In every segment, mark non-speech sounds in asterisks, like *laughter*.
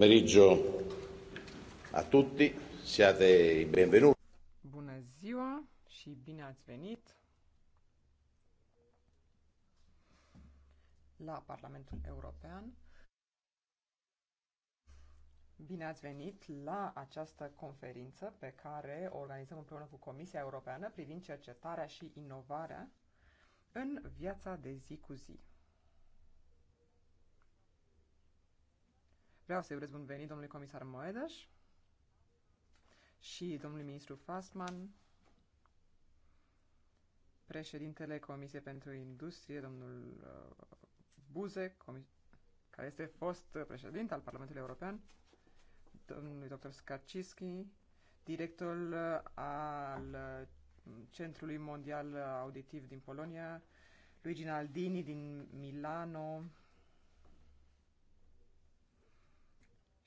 pomeriggio a tutti, siate i benvenuti. Bună ziua și bine ați venit la Parlamentul European. Bine ați venit la această conferință pe care o organizăm împreună cu Comisia Europeană privind cercetarea și inovarea în viața de zi cu zi. Vreau să-i urez bun venit domnului comisar Moedas și domnului ministru Fastman, președintele Comisiei pentru Industrie, domnul uh, Buze, care este fost președinte al Parlamentului European, domnului dr. Skarczyski, directorul uh, al uh, Centrului Mondial Auditiv din Polonia, Luigi Naldini din Milano,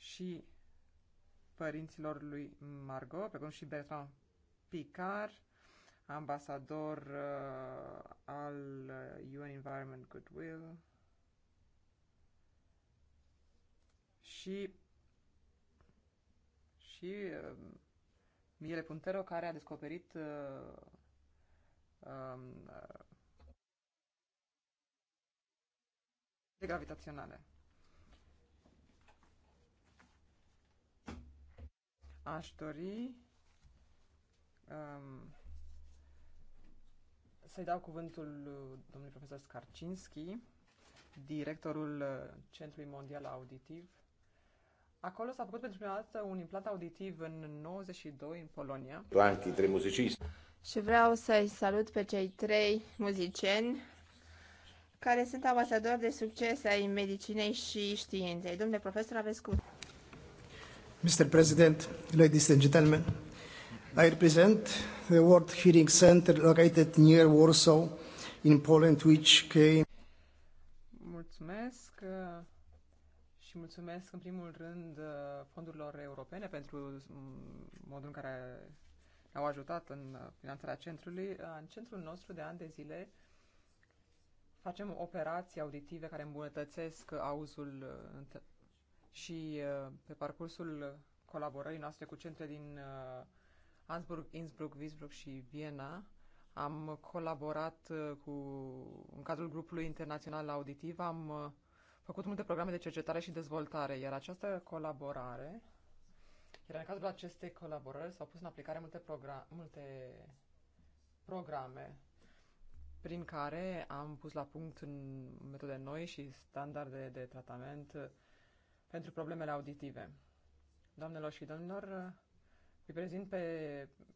și părinților lui Margot, precum și Bertrand Picard, ambasador uh, al UN Environment Goodwill și și uh, Miele Puntero care a descoperit uh, um, uh, gravitaționale. Aș dori um, să-i dau cuvântul domnului profesor Skarcinski, directorul Centrului Mondial Auditiv. Acolo s-a făcut pentru prima dată un implant auditiv în 92 în Polonia. Planti, trei muziciști. Și vreau să-i salut pe cei trei muzicieni care sunt ambasadori de succes ai medicinei și științei. Domnule profesor, aveți cuvântul. Mr. President, ladies and gentlemen, I represent the World Hearing Center located near Warsaw in Poland, which came... Mulțumesc uh, și mulțumesc în primul rând uh, fondurilor europene pentru mm, modul în care au ajutat în finanțarea centrului. Uh, în centrul nostru de ani de zile facem operații auditive care îmbunătățesc auzul și uh, pe parcursul colaborării noastre cu centre din uh, Ansburg, Innsbruck, Wiesbruck și Viena, am colaborat uh, cu, în cadrul grupului internațional auditiv, am făcut multe programe de cercetare și dezvoltare, iar această colaborare, iar în cadrul acestei colaborări s-au pus în aplicare multe, progra- multe programe prin care am pus la punct metode noi și standarde de tratament pentru problemele auditive. Doamnelor și domnilor, îi prezint pe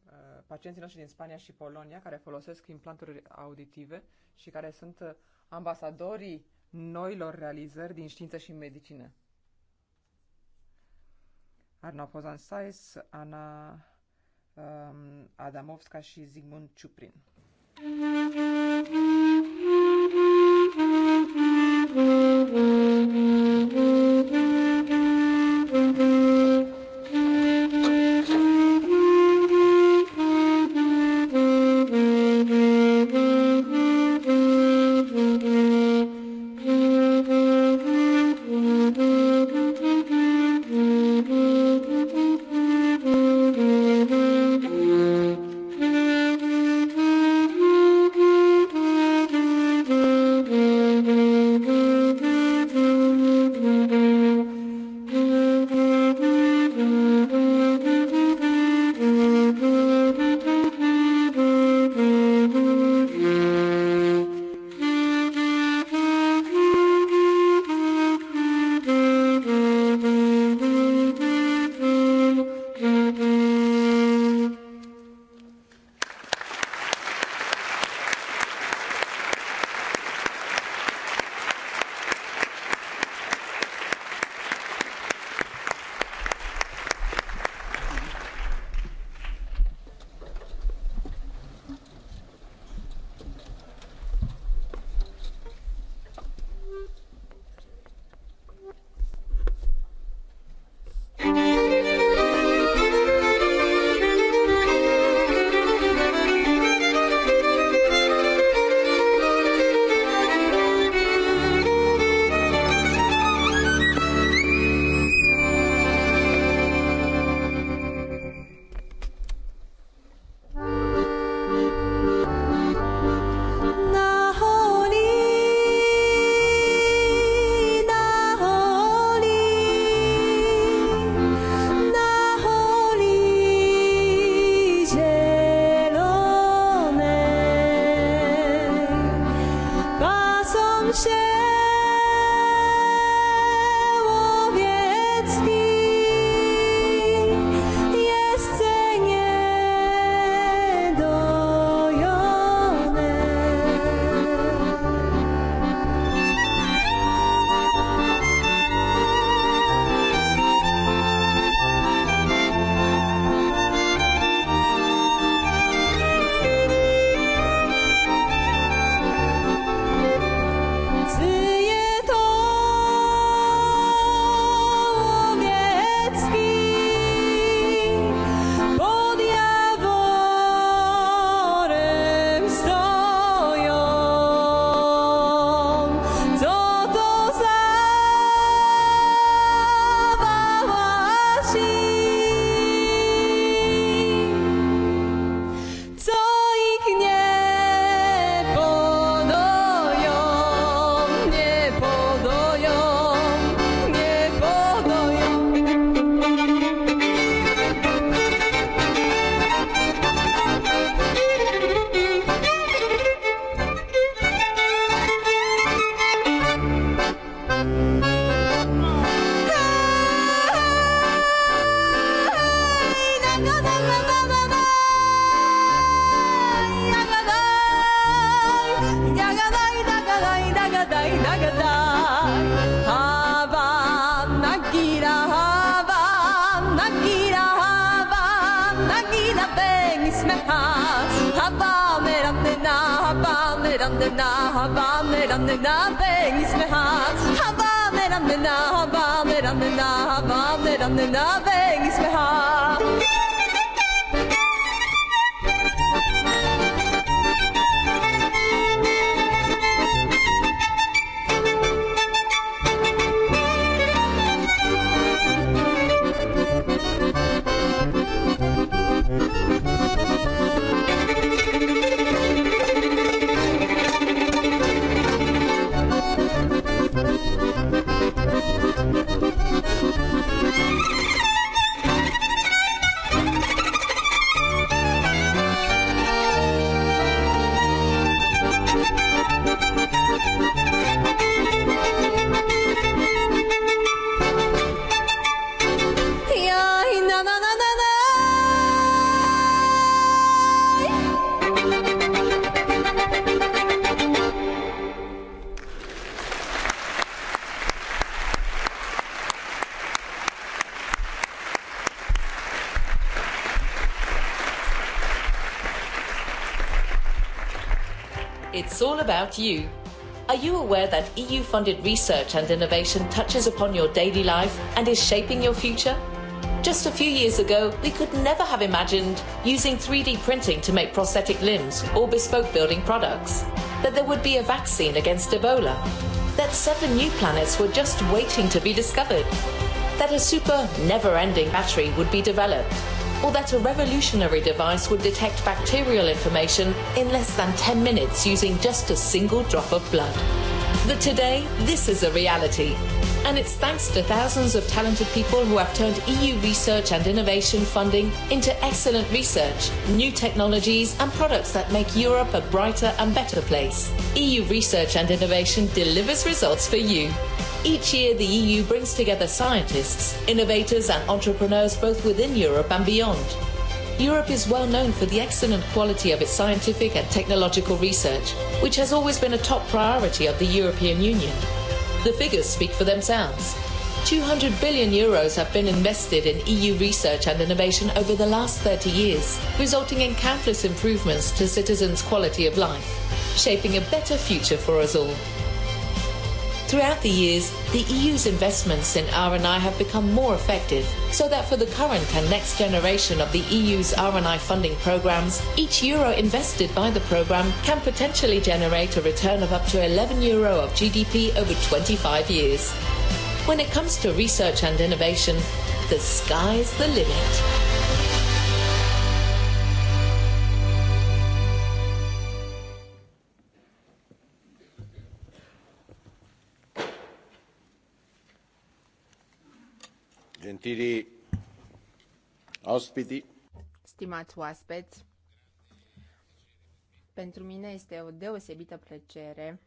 uh, pacienții noștri din Spania și Polonia care folosesc implanturi auditive și care sunt ambasadorii noilor realizări din știință și medicină. Arna Pozan Sais, Ana um, Adamovska și Zigmund Ciuprin. Mm-hmm. about you. Are you aware that EU funded research and innovation touches upon your daily life and is shaping your future? Just a few years ago, we could never have imagined using 3D printing to make prosthetic limbs or bespoke building products, that there would be a vaccine against Ebola, that seven new planets were just waiting to be discovered, that a super never ending battery would be developed or that a revolutionary device would detect bacterial information in less than 10 minutes using just a single drop of blood. That today, this is a reality. And it's thanks to thousands of talented people who have turned EU research and innovation funding into excellent research, new technologies, and products that make Europe a brighter and better place. EU research and innovation delivers results for you. Each year, the EU brings together scientists, innovators, and entrepreneurs both within Europe and beyond. Europe is well known for the excellent quality of its scientific and technological research, which has always been a top priority of the European Union. The figures speak for themselves. 200 billion euros have been invested in EU research and innovation over the last 30 years, resulting in countless improvements to citizens' quality of life, shaping a better future for us all. Throughout the years, the EU's investments in R&I have become more effective, so that for the current and next generation of the EU's R&I funding programs, each euro invested by the program can potentially generate a return of up to 11 euro of GDP over 25 years. When it comes to research and innovation, the sky's the limit. gentili ospiti. Stimați oaspeți, pentru mine este o deosebită plăcere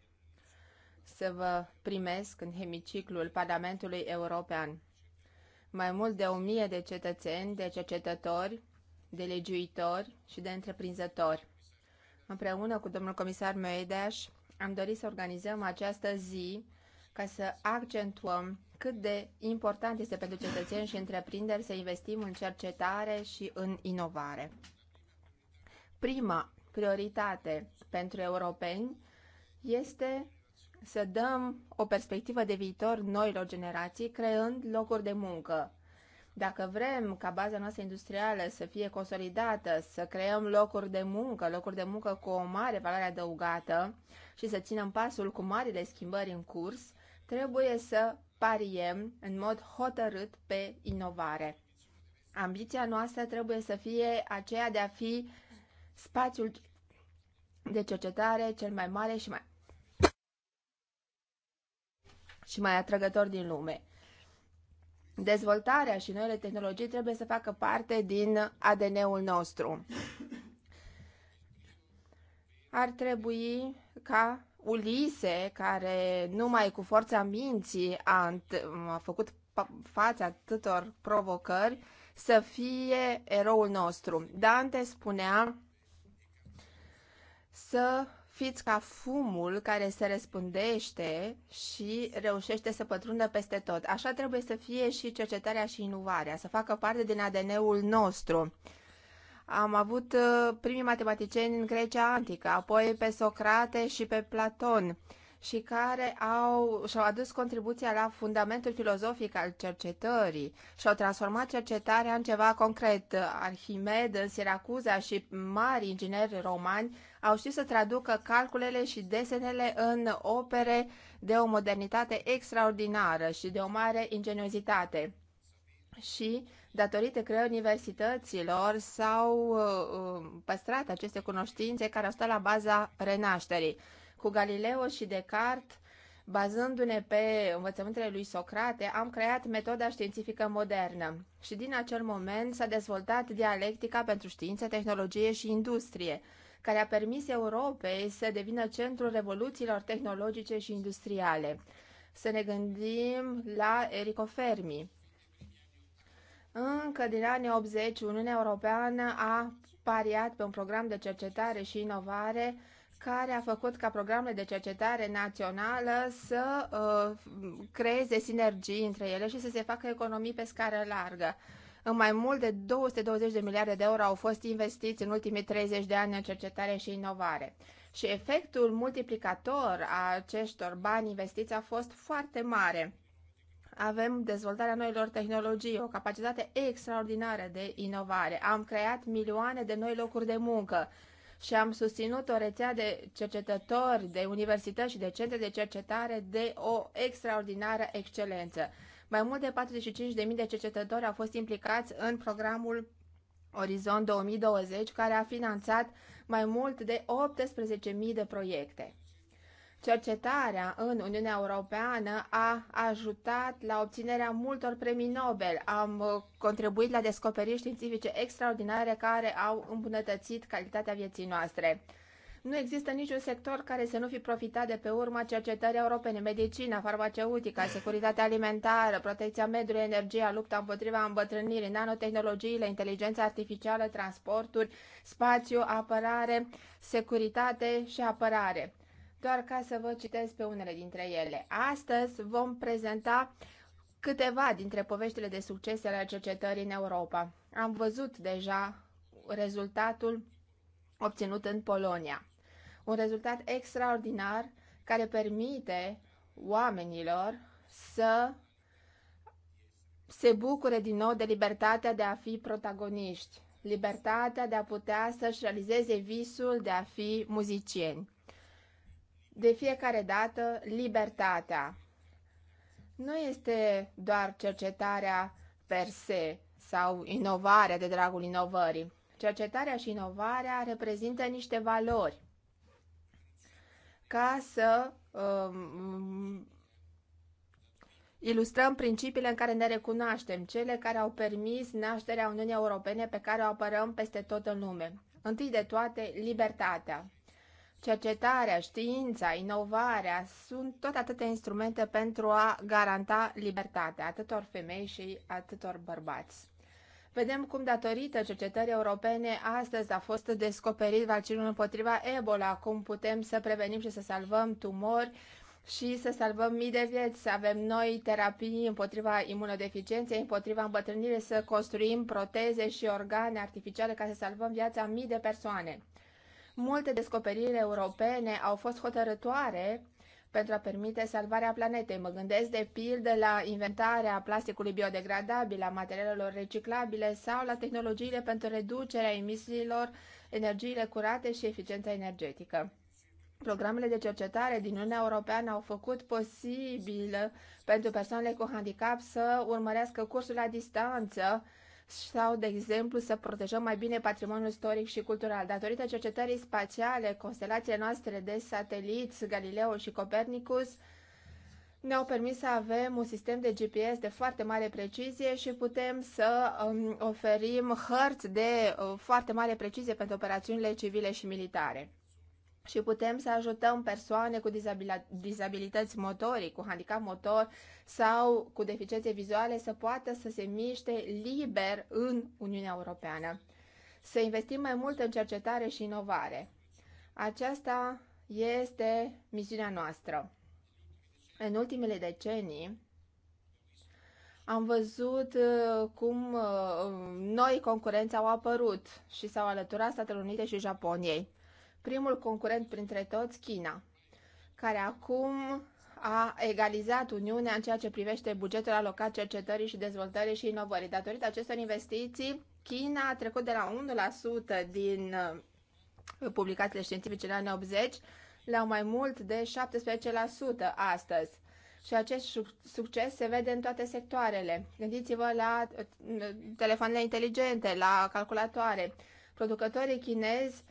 să vă primesc în hemiciclul Parlamentului European. Mai mult de o mie de cetățeni, de cercetători, de legiuitori și de întreprinzători. Împreună cu domnul comisar Moedaș, am dorit să organizăm această zi ca să accentuăm cât de important este pentru cetățeni și întreprinderi să investim în cercetare și în inovare. Prima prioritate pentru europeni este să dăm o perspectivă de viitor noilor generații, creând locuri de muncă. Dacă vrem ca baza noastră industrială să fie consolidată, să creăm locuri de muncă, locuri de muncă cu o mare valoare adăugată și să ținem pasul cu marile schimbări în curs, trebuie să pariem în mod hotărât pe inovare. Ambiția noastră trebuie să fie aceea de a fi spațiul de cercetare cel mai mare și mai, și mai atrăgător din lume. Dezvoltarea și noile tehnologii trebuie să facă parte din ADN-ul nostru. Ar trebui ca Ulise, care numai cu forța minții a, a făcut fața atâtor provocări, să fie eroul nostru. Dante spunea să fiți ca fumul care se răspândește și reușește să pătrundă peste tot. Așa trebuie să fie și cercetarea și inovarea, să facă parte din ADN-ul nostru. Am avut uh, primii matematicieni în Grecia antică, apoi pe Socrate și pe Platon și care au, și-au adus contribuția la fundamentul filozofic al cercetării și au transformat cercetarea în ceva concret. Arhimed în Siracuza și mari ingineri romani au știut să traducă calculele și desenele în opere de o modernitate extraordinară și de o mare ingeniozitate. Și datorită creării universităților, s-au uh, păstrat aceste cunoștințe care au stat la baza renașterii. Cu Galileo și Descartes, bazându-ne pe învățământele lui Socrate, am creat metoda științifică modernă și din acel moment s-a dezvoltat dialectica pentru știință, tehnologie și industrie, care a permis Europei să devină centrul revoluțiilor tehnologice și industriale. Să ne gândim la Erico Fermi, încă din anii 80, Uniunea Europeană a pariat pe un program de cercetare și inovare care a făcut ca programele de cercetare națională să uh, creeze sinergii între ele și să se facă economii pe scară largă. În mai mult de 220 de miliarde de euro au fost investiți în ultimii 30 de ani în cercetare și inovare. Și efectul multiplicator a acestor bani investiți a fost foarte mare avem dezvoltarea noilor tehnologii, o capacitate extraordinară de inovare. Am creat milioane de noi locuri de muncă și am susținut o rețea de cercetători, de universități și de centre de cercetare de o extraordinară excelență. Mai mult de 45.000 de cercetători au fost implicați în programul Orizont 2020, care a finanțat mai mult de 18.000 de proiecte. Cercetarea în Uniunea Europeană a ajutat la obținerea multor premii Nobel. Am uh, contribuit la descoperiri științifice extraordinare care au îmbunătățit calitatea vieții noastre. Nu există niciun sector care să nu fi profitat de pe urma cercetării europene. Medicina, farmaceutica, securitatea alimentară, protecția mediului, energia, lupta împotriva îmbătrânirii, nanotehnologiile, inteligența artificială, transporturi, spațiu, apărare, securitate și apărare doar ca să vă citesc pe unele dintre ele. Astăzi vom prezenta câteva dintre poveștile de succes ale cercetării în Europa. Am văzut deja rezultatul obținut în Polonia. Un rezultat extraordinar care permite oamenilor să se bucure din nou de libertatea de a fi protagoniști, libertatea de a putea să-și realizeze visul de a fi muzicieni de fiecare dată libertatea. Nu este doar cercetarea per se sau inovarea de dragul inovării. Cercetarea și inovarea reprezintă niște valori ca să um, ilustrăm principiile în care ne recunoaștem, cele care au permis nașterea Uniunii Europene pe care o apărăm peste tot în lume. Întâi de toate, libertatea. Cercetarea, știința, inovarea sunt tot atâtea instrumente pentru a garanta libertatea atâtor femei și atâtor bărbați. Vedem cum, datorită cercetării europene, astăzi a fost descoperit vaccinul împotriva Ebola, cum putem să prevenim și să salvăm tumori și să salvăm mii de vieți, să avem noi terapii împotriva imunodeficienței, împotriva îmbătrânirii, să construim proteze și organe artificiale ca să salvăm viața mii de persoane. Multe descoperiri europene au fost hotărătoare pentru a permite salvarea planetei. Mă gândesc de pildă la inventarea plasticului biodegradabil, a materialelor reciclabile sau la tehnologiile pentru reducerea emisiilor, energiile curate și eficiența energetică. Programele de cercetare din Uniunea Europeană au făcut posibil pentru persoanele cu handicap să urmărească cursul la distanță sau, de exemplu, să protejăm mai bine patrimoniul istoric și cultural. Datorită cercetării spațiale, constelațiile noastre de sateliți, Galileo și Copernicus, ne-au permis să avem un sistem de GPS de foarte mare precizie și putem să um, oferim hărți de uh, foarte mare precizie pentru operațiunile civile și militare și putem să ajutăm persoane cu dizabilități motorii, cu handicap motor sau cu deficiențe vizuale să poată să se miște liber în Uniunea Europeană. Să investim mai mult în cercetare și inovare. Aceasta este misiunea noastră. În ultimele decenii am văzut uh, cum uh, noi concurenți au apărut și s-au alăturat Statele Unite și Japoniei primul concurent printre toți, China, care acum a egalizat Uniunea în ceea ce privește bugetul alocat cercetării și dezvoltării și inovării. Datorită acestor investiții, China a trecut de la 1% din uh, publicațiile științifice în anii 80 la mai mult de 17% astăzi. Și acest succes se vede în toate sectoarele. Gândiți-vă la uh, telefoanele inteligente, la calculatoare. Producătorii chinezi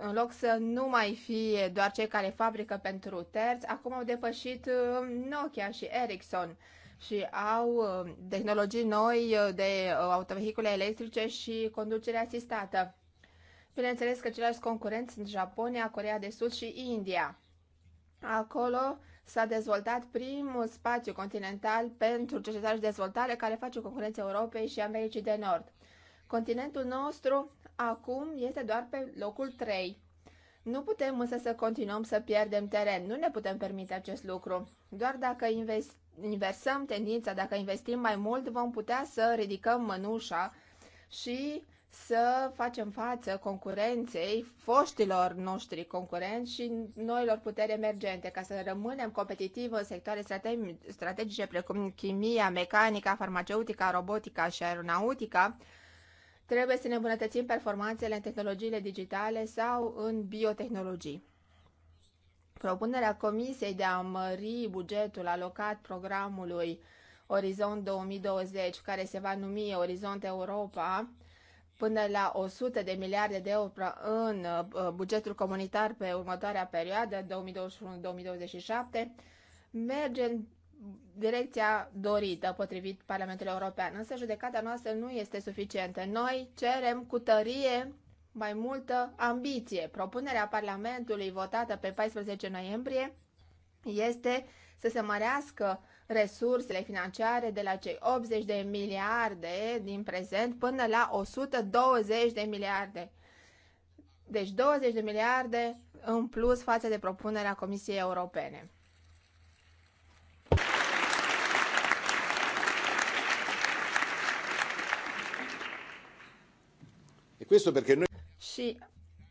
în loc să nu mai fie doar cei care fabrică pentru terți, acum au depășit um, Nokia și Ericsson și au um, tehnologii noi uh, de uh, autovehicule electrice și conducere asistată. Bineînțeles că ceilalți concurenți sunt Japonia, Corea de Sud și India. Acolo s-a dezvoltat primul spațiu continental pentru cercetare și dezvoltare care face concurență Europei și Americii de Nord. Continentul nostru acum este doar pe locul 3. Nu putem însă să continuăm să pierdem teren, nu ne putem permite acest lucru. Doar dacă inversăm tendința, dacă investim mai mult, vom putea să ridicăm mănușa și să facem față concurenței foștilor noștri concurenți și noilor puteri emergente, ca să rămânem competitivi în sectoare strategice precum chimia, mecanica, farmaceutica, robotica și aeronautica, Trebuie să ne îmbunătățim performanțele în tehnologiile digitale sau în biotehnologii. Propunerea Comisiei de a mări bugetul alocat programului Orizont 2020, care se va numi Orizont Europa, până la 100 de miliarde de euro în uh, bugetul comunitar pe următoarea perioadă, 2021-2027, merge în direcția dorită potrivit Parlamentului European. Însă judecata noastră nu este suficientă. Noi cerem cu tărie mai multă ambiție. Propunerea Parlamentului votată pe 14 noiembrie este să se mărească resursele financiare de la cei 80 de miliarde din prezent până la 120 de miliarde. Deci 20 de miliarde în plus față de propunerea Comisiei Europene. E questo perché noi... Și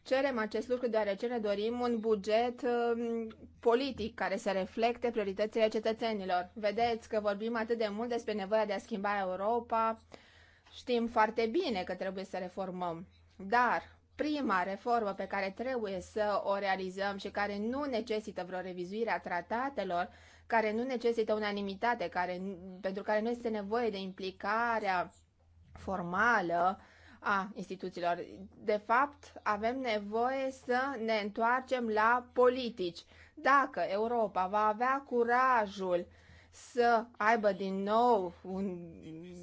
cerem acest lucru deoarece ne dorim un buget um, politic care să reflecte prioritățile cetățenilor. Vedeți că vorbim atât de mult despre nevoia de a schimba Europa, știm foarte bine că trebuie să reformăm, dar prima reformă pe care trebuie să o realizăm și care nu necesită vreo revizuire a tratatelor, care nu necesită unanimitate, care, pentru care nu este nevoie de implicarea formală a instituțiilor. De fapt, avem nevoie să ne întoarcem la politici. Dacă Europa va avea curajul să aibă din nou un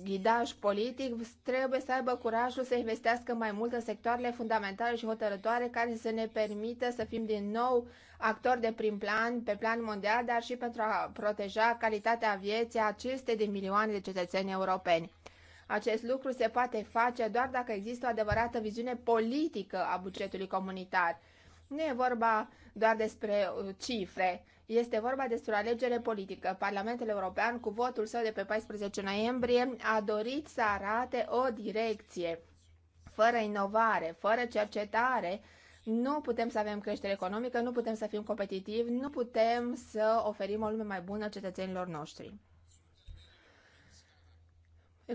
ghidaj politic, trebuie să aibă curajul să investească mai mult în sectoarele fundamentale și hotărătoare care să ne permită să fim din nou actori de prim plan, pe plan mondial, dar și pentru a proteja calitatea vieții acestei de milioane de cetățeni europeni. Acest lucru se poate face doar dacă există o adevărată viziune politică a bugetului comunitar. Nu e vorba doar despre uh, cifre, este vorba despre o alegere politică. Parlamentul European, cu votul său de pe 14 noiembrie, a dorit să arate o direcție. Fără inovare, fără cercetare, nu putem să avem creștere economică, nu putem să fim competitivi, nu putem să oferim o lume mai bună cetățenilor noștri.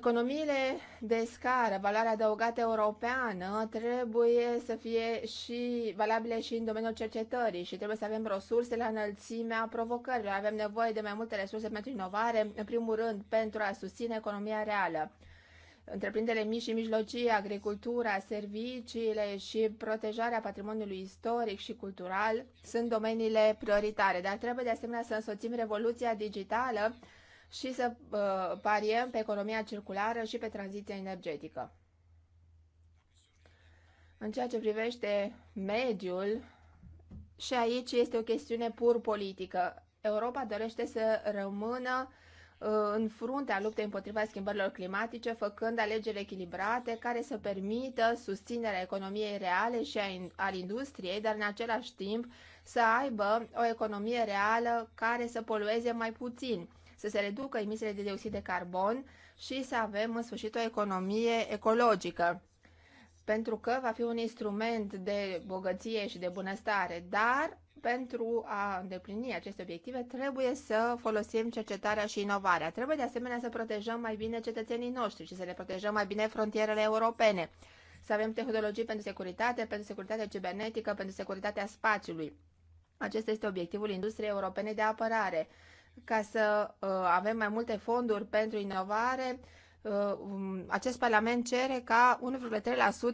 Economiile de scară, valoarea adăugată europeană, trebuie să fie și valabile și în domeniul cercetării și trebuie să avem resurse la înălțimea provocărilor. Avem nevoie de mai multe resurse pentru inovare, în primul rând pentru a susține economia reală. Întreprinderile mici și mijlocii, agricultura, serviciile și protejarea patrimoniului istoric și cultural sunt domeniile prioritare, dar trebuie de asemenea să însoțim revoluția digitală și să uh, pariem pe economia circulară și pe tranziția energetică. În ceea ce privește mediul, și aici este o chestiune pur politică. Europa dorește să rămână uh, în fruntea luptei împotriva schimbărilor climatice, făcând alegeri echilibrate care să permită susținerea economiei reale și a in al industriei, dar în același timp să aibă o economie reală care să polueze mai puțin să se reducă emisiile de dioxid de carbon și să avem în sfârșit o economie ecologică pentru că va fi un instrument de bogăție și de bunăstare, dar pentru a îndeplini aceste obiective trebuie să folosim cercetarea și inovarea. Trebuie de asemenea să protejăm mai bine cetățenii noștri și să le protejăm mai bine frontierele europene. Să avem tehnologii pentru securitate, pentru securitatea cibernetică, pentru securitatea spațiului. Acesta este obiectivul industriei europene de apărare ca să uh, avem mai multe fonduri pentru inovare, uh, um, acest Parlament cere ca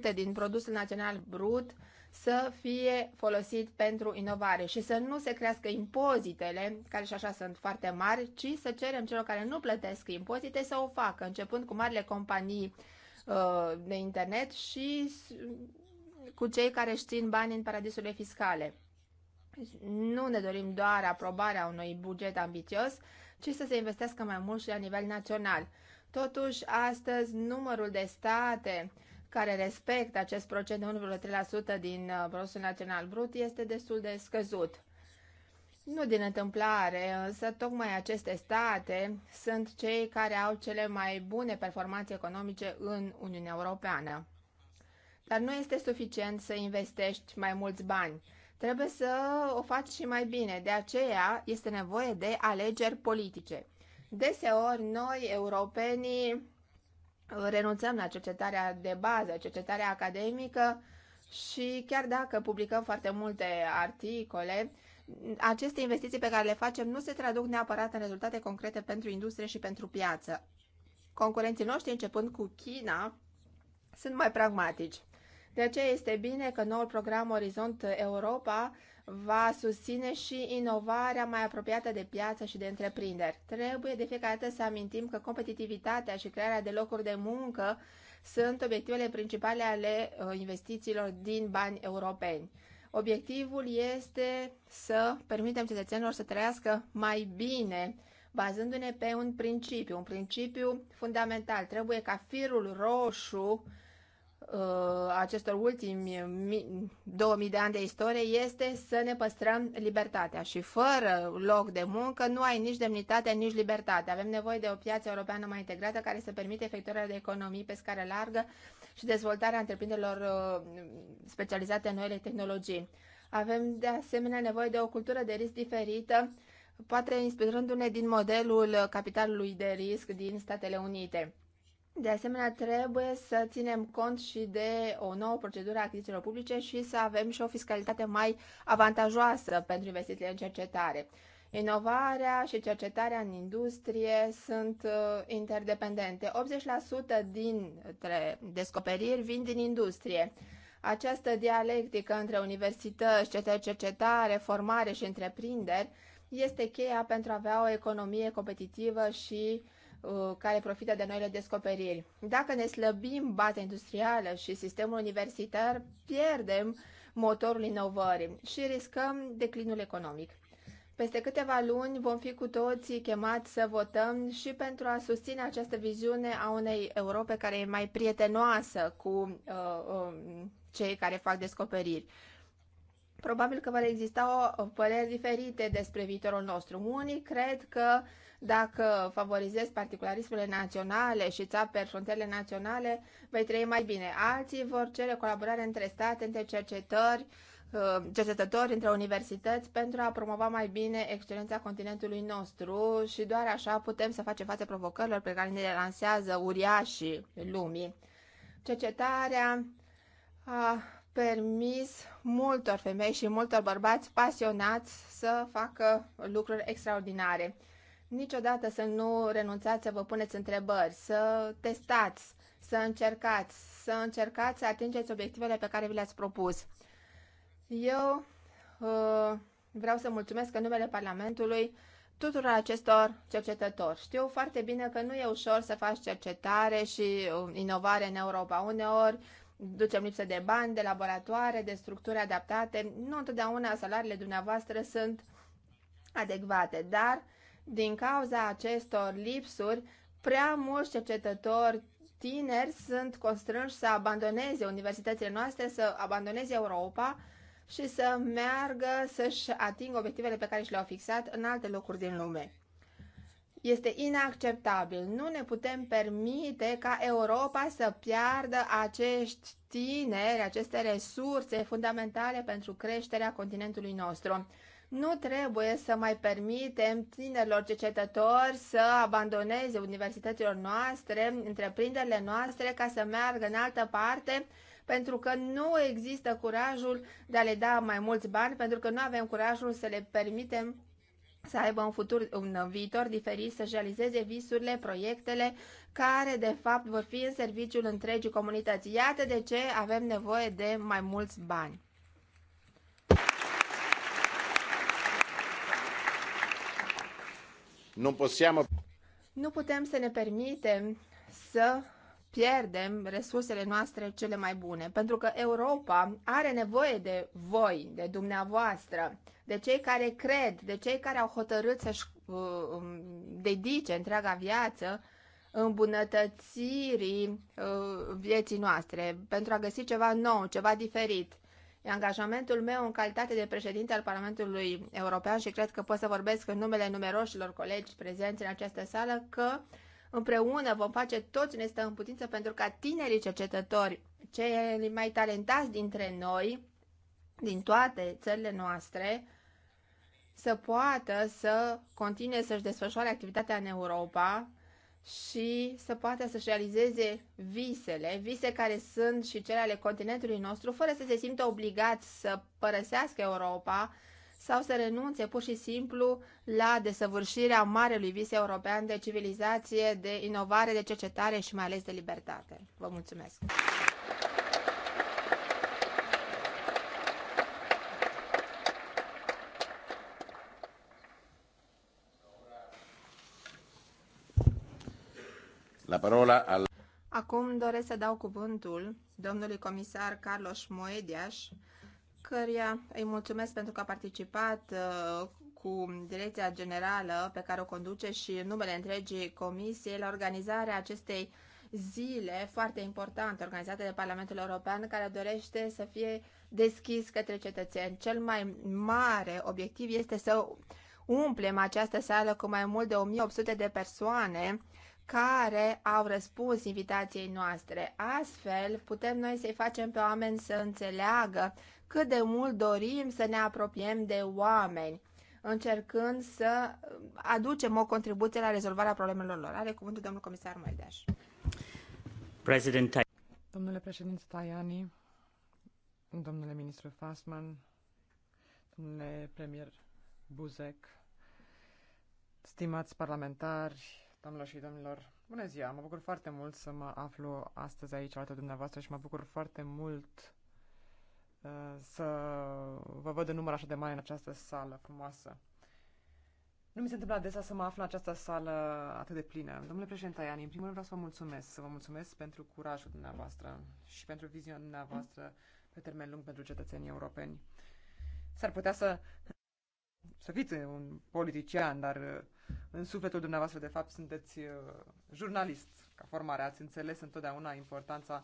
1,3% din produsul național brut să fie folosit pentru inovare și să nu se crească impozitele, care și așa sunt foarte mari, ci să cerem celor care nu plătesc impozite să o facă, începând cu marile companii uh, de internet și cu cei care își țin bani în paradisurile fiscale. Nu ne dorim doar aprobarea unui buget ambițios, ci să se investească mai mult și la nivel național. Totuși, astăzi, numărul de state care respectă acest procent de 1,3% din produsul uh, național brut este destul de scăzut. Nu din întâmplare, însă tocmai aceste state sunt cei care au cele mai bune performanțe economice în Uniunea Europeană. Dar nu este suficient să investești mai mulți bani trebuie să o faci și mai bine. De aceea este nevoie de alegeri politice. Deseori noi, europenii, renunțăm la cercetarea de bază, cercetarea academică și chiar dacă publicăm foarte multe articole, aceste investiții pe care le facem nu se traduc neapărat în rezultate concrete pentru industrie și pentru piață. Concurenții noștri, începând cu China, sunt mai pragmatici. De aceea este bine că noul program Orizont Europa va susține și inovarea mai apropiată de piață și de întreprinderi. Trebuie de fiecare dată să amintim că competitivitatea și crearea de locuri de muncă sunt obiectivele principale ale uh, investițiilor din bani europeni. Obiectivul este să permitem cetățenilor să trăiască mai bine, bazându-ne pe un principiu, un principiu fundamental. Trebuie ca firul roșu Uh, acestor ultimi 2000 de ani de istorie este să ne păstrăm libertatea și fără loc de muncă nu ai nici demnitatea, nici libertate Avem nevoie de o piață europeană mai integrată care să permite efectuarea de economii pe scară largă și dezvoltarea întreprinderilor uh, specializate în noile tehnologii. Avem de asemenea nevoie de o cultură de risc diferită, poate inspirându-ne din modelul capitalului de risc din Statele Unite de asemenea, trebuie să ținem cont și de o nouă procedură a achizițiilor publice și să avem și o fiscalitate mai avantajoasă pentru investițiile în cercetare. Inovarea și cercetarea în industrie sunt uh, interdependente. 80% dintre descoperiri vin din industrie. Această dialectică între universități, cercetare, formare și întreprinderi este cheia pentru a avea o economie competitivă și Uh, care profită de noile descoperiri. Dacă ne slăbim baza industrială și sistemul universitar, pierdem motorul inovării și riscăm declinul economic. Peste câteva luni vom fi cu toții chemați să votăm și pentru a susține această viziune a unei Europe care e mai prietenoasă cu uh, uh, cei care fac descoperiri. Probabil că vor exista o păreri diferite despre viitorul nostru. Unii cred că uh, dacă favorizezi particularismele naționale și aperi frontele naționale, vei trăi mai bine. Alții vor cere colaborare între state, între cercetări, uh, cercetători, între universități pentru a promova mai bine excelența continentului nostru și doar așa putem să facem față provocărilor pe care ne lansează uriașii lumii. Cercetarea a permis multor femei și multor bărbați pasionați să facă lucruri extraordinare. Niciodată să nu renunțați să vă puneți întrebări, să testați, să încercați, să încercați să atingeți obiectivele pe care vi le-ați propus. Eu uh, vreau să mulțumesc în numele Parlamentului tuturor acestor cercetători. Știu foarte bine că nu e ușor să faci cercetare și uh, inovare în Europa. Uneori ducem lipsă de bani, de laboratoare, de structuri adaptate. Nu întotdeauna salariile dumneavoastră sunt adecvate, dar din cauza acestor lipsuri, prea mulți cercetători tineri sunt constrânși să abandoneze universitățile noastre, să abandoneze Europa și să meargă să-și atingă obiectivele pe care și le-au fixat în alte locuri din lume. Este inacceptabil. Nu ne putem permite ca Europa să piardă acești tineri, aceste resurse fundamentale pentru creșterea continentului nostru. Nu trebuie să mai permitem tinerilor cercetători să abandoneze universităților noastre, întreprinderile noastre, ca să meargă în altă parte, pentru că nu există curajul de a le da mai mulți bani, pentru că nu avem curajul să le permitem să aibă un, futur, un viitor diferit, să-și realizeze visurile, proiectele, care de fapt vor fi în serviciul întregii comunități. Iată de ce avem nevoie de mai mulți bani. possiamo... Nu putem să ne permitem să pierdem resursele noastre cele mai bune, pentru că Europa are nevoie de voi, de dumneavoastră, de cei care cred, de cei care au hotărât să-și uh, um, dedice întreaga viață îmbunătățirii uh, vieții noastre, pentru a găsi ceva nou, ceva diferit. E angajamentul meu în calitate de președinte al Parlamentului European și cred că pot să vorbesc în numele numeroșilor colegi prezenți în această sală că împreună vom face tot ce ne stă în putință pentru ca tinerii cercetători, cei mai talentați dintre noi, din toate țările noastre, să poată să continue să-și desfășoare activitatea în Europa, și să poată să-și realizeze visele, vise care sunt și cele ale continentului nostru, fără să se simtă obligat să părăsească Europa sau să renunțe pur și simplu la desăvârșirea marelui vis european de civilizație, de inovare, de cercetare și mai ales de libertate. Vă mulțumesc! La parola al... Acum doresc să dau cuvântul domnului comisar Carlos Moediaș, căruia îi mulțumesc pentru că a participat uh, cu direcția generală pe care o conduce și în numele întregii comisii la organizarea acestei zile foarte importante organizate de Parlamentul European care dorește să fie deschis către cetățeni. Cel mai mare obiectiv este să umplem această sală cu mai mult de 1800 de persoane care au răspuns invitației noastre. Astfel, putem noi să-i facem pe oameni să înțeleagă cât de mult dorim să ne apropiem de oameni, încercând să uh, aducem o contribuție la rezolvarea problemelor lor. Are cuvântul domnul comisar Moedaș. Domnule președinte Tajani, domnule ministru Fasman, domnule premier Buzek, stimați parlamentari, Doamnelor și domnilor, bună ziua! Mă bucur foarte mult să mă aflu astăzi aici alături dumneavoastră și mă bucur foarte mult uh, să vă văd în număr așa de mare în această sală frumoasă. Nu mi se întâmplă adesea să mă aflu în această sală atât de plină. Domnule președinte Aiani, în primul rând vreau să vă mulțumesc, să vă mulțumesc pentru curajul dumneavoastră și pentru viziunea dumneavoastră pe termen lung pentru cetățenii europeni. S-ar putea să, să fiți un politician, dar în sufletul dumneavoastră, de fapt, sunteți uh, jurnalist ca formare. Ați înțeles întotdeauna importanța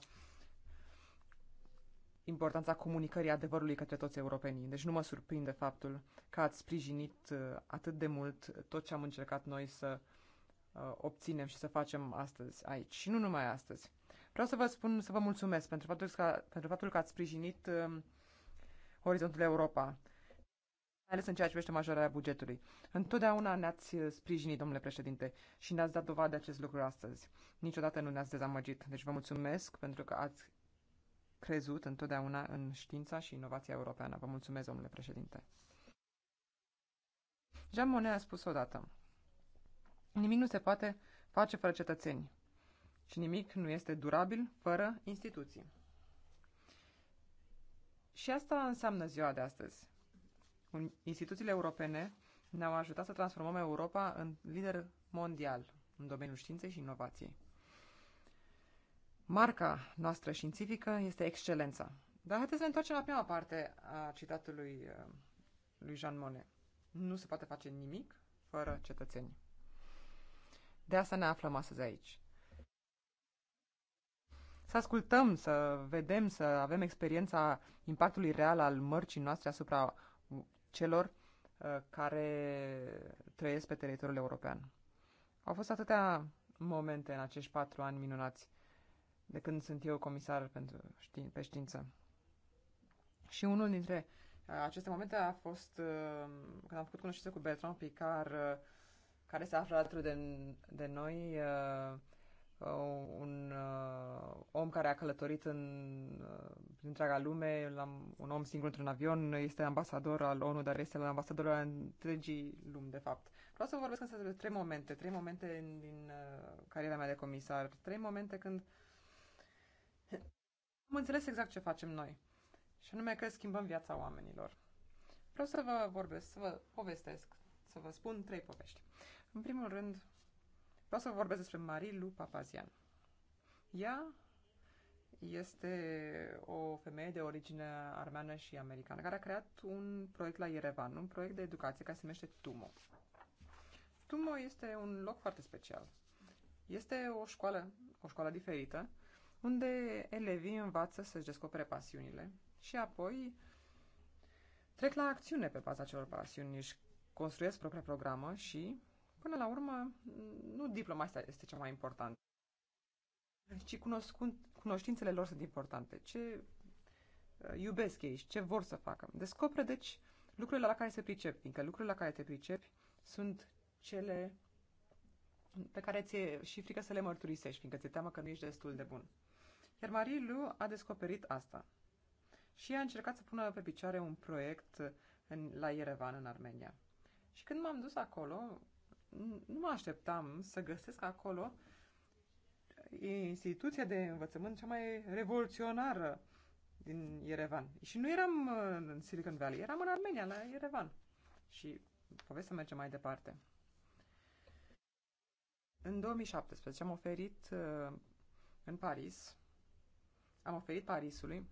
importanța comunicării adevărului către toți europenii. Deci nu mă surprinde faptul că ați sprijinit uh, atât de mult tot ce am încercat noi să uh, obținem și să facem astăzi aici. Și nu numai astăzi. Vreau să vă spun, să vă mulțumesc pentru faptul că, pentru faptul că ați sprijinit Orizontul Europa ales în ceea ce privește majorarea bugetului. Întotdeauna ne-ați uh, sprijinit, domnule președinte, și ne-ați dat dovadă de acest lucru astăzi. Niciodată nu ne-ați dezamăgit. Deci vă mulțumesc pentru că ați crezut întotdeauna în știința și inovația europeană. Vă mulțumesc, domnule președinte. Jean Monnet a spus odată, nimic nu se poate face fără cetățeni și nimic nu este durabil fără instituții. Și asta înseamnă ziua de astăzi. Instituțiile europene ne-au ajutat să transformăm Europa în lider mondial în domeniul științei și inovației. Marca noastră științifică este excelența. Dar haideți să ne întoarcem la prima parte a citatului uh, lui Jean Monnet. Nu se poate face nimic fără cetățeni. De asta ne aflăm astăzi aici. Să ascultăm, să vedem, să avem experiența impactului real al mărcii noastre asupra celor uh, care trăiesc pe teritoriul european. Au fost atâtea momente în acești patru ani minunați de când sunt eu comisar pentru ști- pe știință. Și unul dintre uh, aceste momente a fost uh, când am făcut cunoștință cu Bertrand Picard, care se află alături de, de noi Uh, un uh, om care a călătorit în uh, întreaga lume, un om singur într-un avion, este ambasador al ONU, dar este ambasador al întregii lumi, de fapt. Vreau să vă vorbesc despre trei momente, trei momente din uh, cariera mea de comisar, trei momente când am înțeles exact ce facem noi. Și anume că schimbăm viața oamenilor. Vreau să vă vorbesc, să vă povestesc, să vă spun trei povești. În primul rând, Vreau să vorbesc despre Marilu Papazian. Ea este o femeie de origine armeană și americană care a creat un proiect la Yerevan, un proiect de educație care se numește TUMO. TUMO este un loc foarte special. Este o școală, o școală diferită, unde elevii învață să-și descopere pasiunile și apoi trec la acțiune pe baza celor pasiuni, își construiesc propria programă și Până la urmă, nu diploma asta este cea mai importantă, ci cunoștințele lor sunt importante. Ce uh, iubesc ei și ce vor să facă. Descoperă, deci, lucrurile la care se pricep, fiindcă lucrurile la care te pricepi sunt cele pe care ți-e și frică să le mărturisești, fiindcă ți-e teamă că nu ești destul de bun. Iar Marie Lu a descoperit asta. Și a încercat să pună pe picioare un proiect în, la Yerevan, în Armenia. Și când m-am dus acolo, nu mă așteptam să găsesc acolo instituția de învățământ cea mai revoluționară din Yerevan. Și nu eram uh, în Silicon Valley, eram în Armenia, la Yerevan. Și povestea merge mai departe. În 2017 am oferit uh, în Paris, am oferit Parisului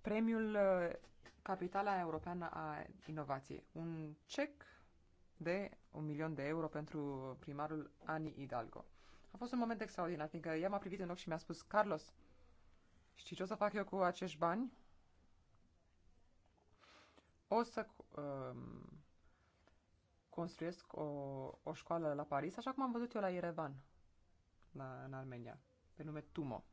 premiul uh, Capitala Europeană a Inovației, un cec de un milion de euro pentru primarul Ani Hidalgo. A fost un moment extraordinar, fiindcă ea m-a privit în ochi și mi-a spus, Carlos, știi ce o să fac eu cu acești bani? O să um, construiesc o, o școală la Paris, așa cum am văzut eu la Yerevan, la, în Armenia, pe nume TUMO.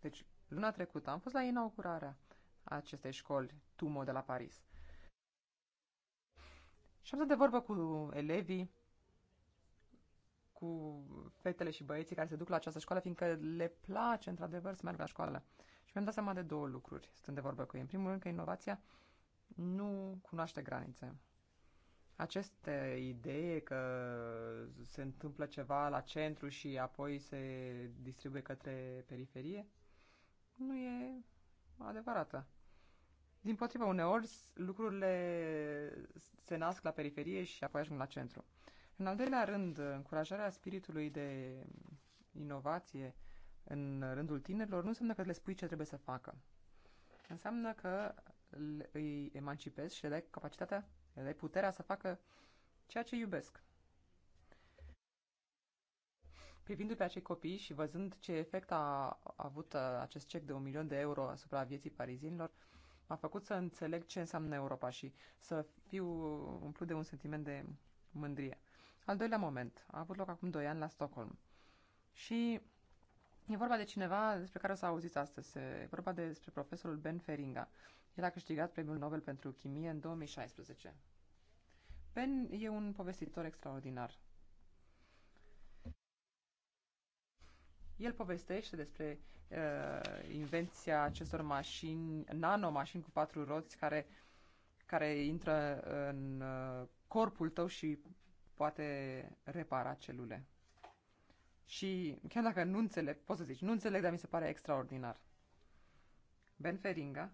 Deci, luna trecută am fost la inaugurarea acestei școli TUMO de la Paris. Și am stat de vorbă cu elevii, cu fetele și băieții care se duc la această școală, fiindcă le place, într-adevăr, să meargă la școală. Și mi-am dat seama de două lucruri, stând de vorbă cu ei. În primul rând că inovația nu cunoaște granițe. Aceste idee că se întâmplă ceva la centru și apoi se distribuie către periferie nu e adevărată. Din potriva, uneori lucrurile se nasc la periferie și apoi ajung la centru. În al doilea rând, încurajarea spiritului de inovație în rândul tinerilor nu înseamnă că le spui ce trebuie să facă. Înseamnă că îi emancipezi și le dai capacitatea, le dai puterea să facă ceea ce iubesc. Privindu pe acei copii și văzând ce efect a avut acest cec de un milion de euro asupra vieții parizienilor, m-a făcut să înțeleg ce înseamnă Europa și să fiu umplut de un sentiment de mândrie. Al doilea moment a avut loc acum doi ani la Stockholm. Și e vorba de cineva despre care o să auziți astăzi. E vorba despre profesorul Ben Feringa. El a câștigat premiul Nobel pentru chimie în 2016. Ben e un povestitor extraordinar. El povestește despre uh, invenția acestor mașini, nanomașini cu patru roți care, care intră în uh, corpul tău și poate repara celule. Și chiar dacă nu înțeleg, pot să zici, nu înțeleg, dar mi se pare extraordinar. Ben Feringa,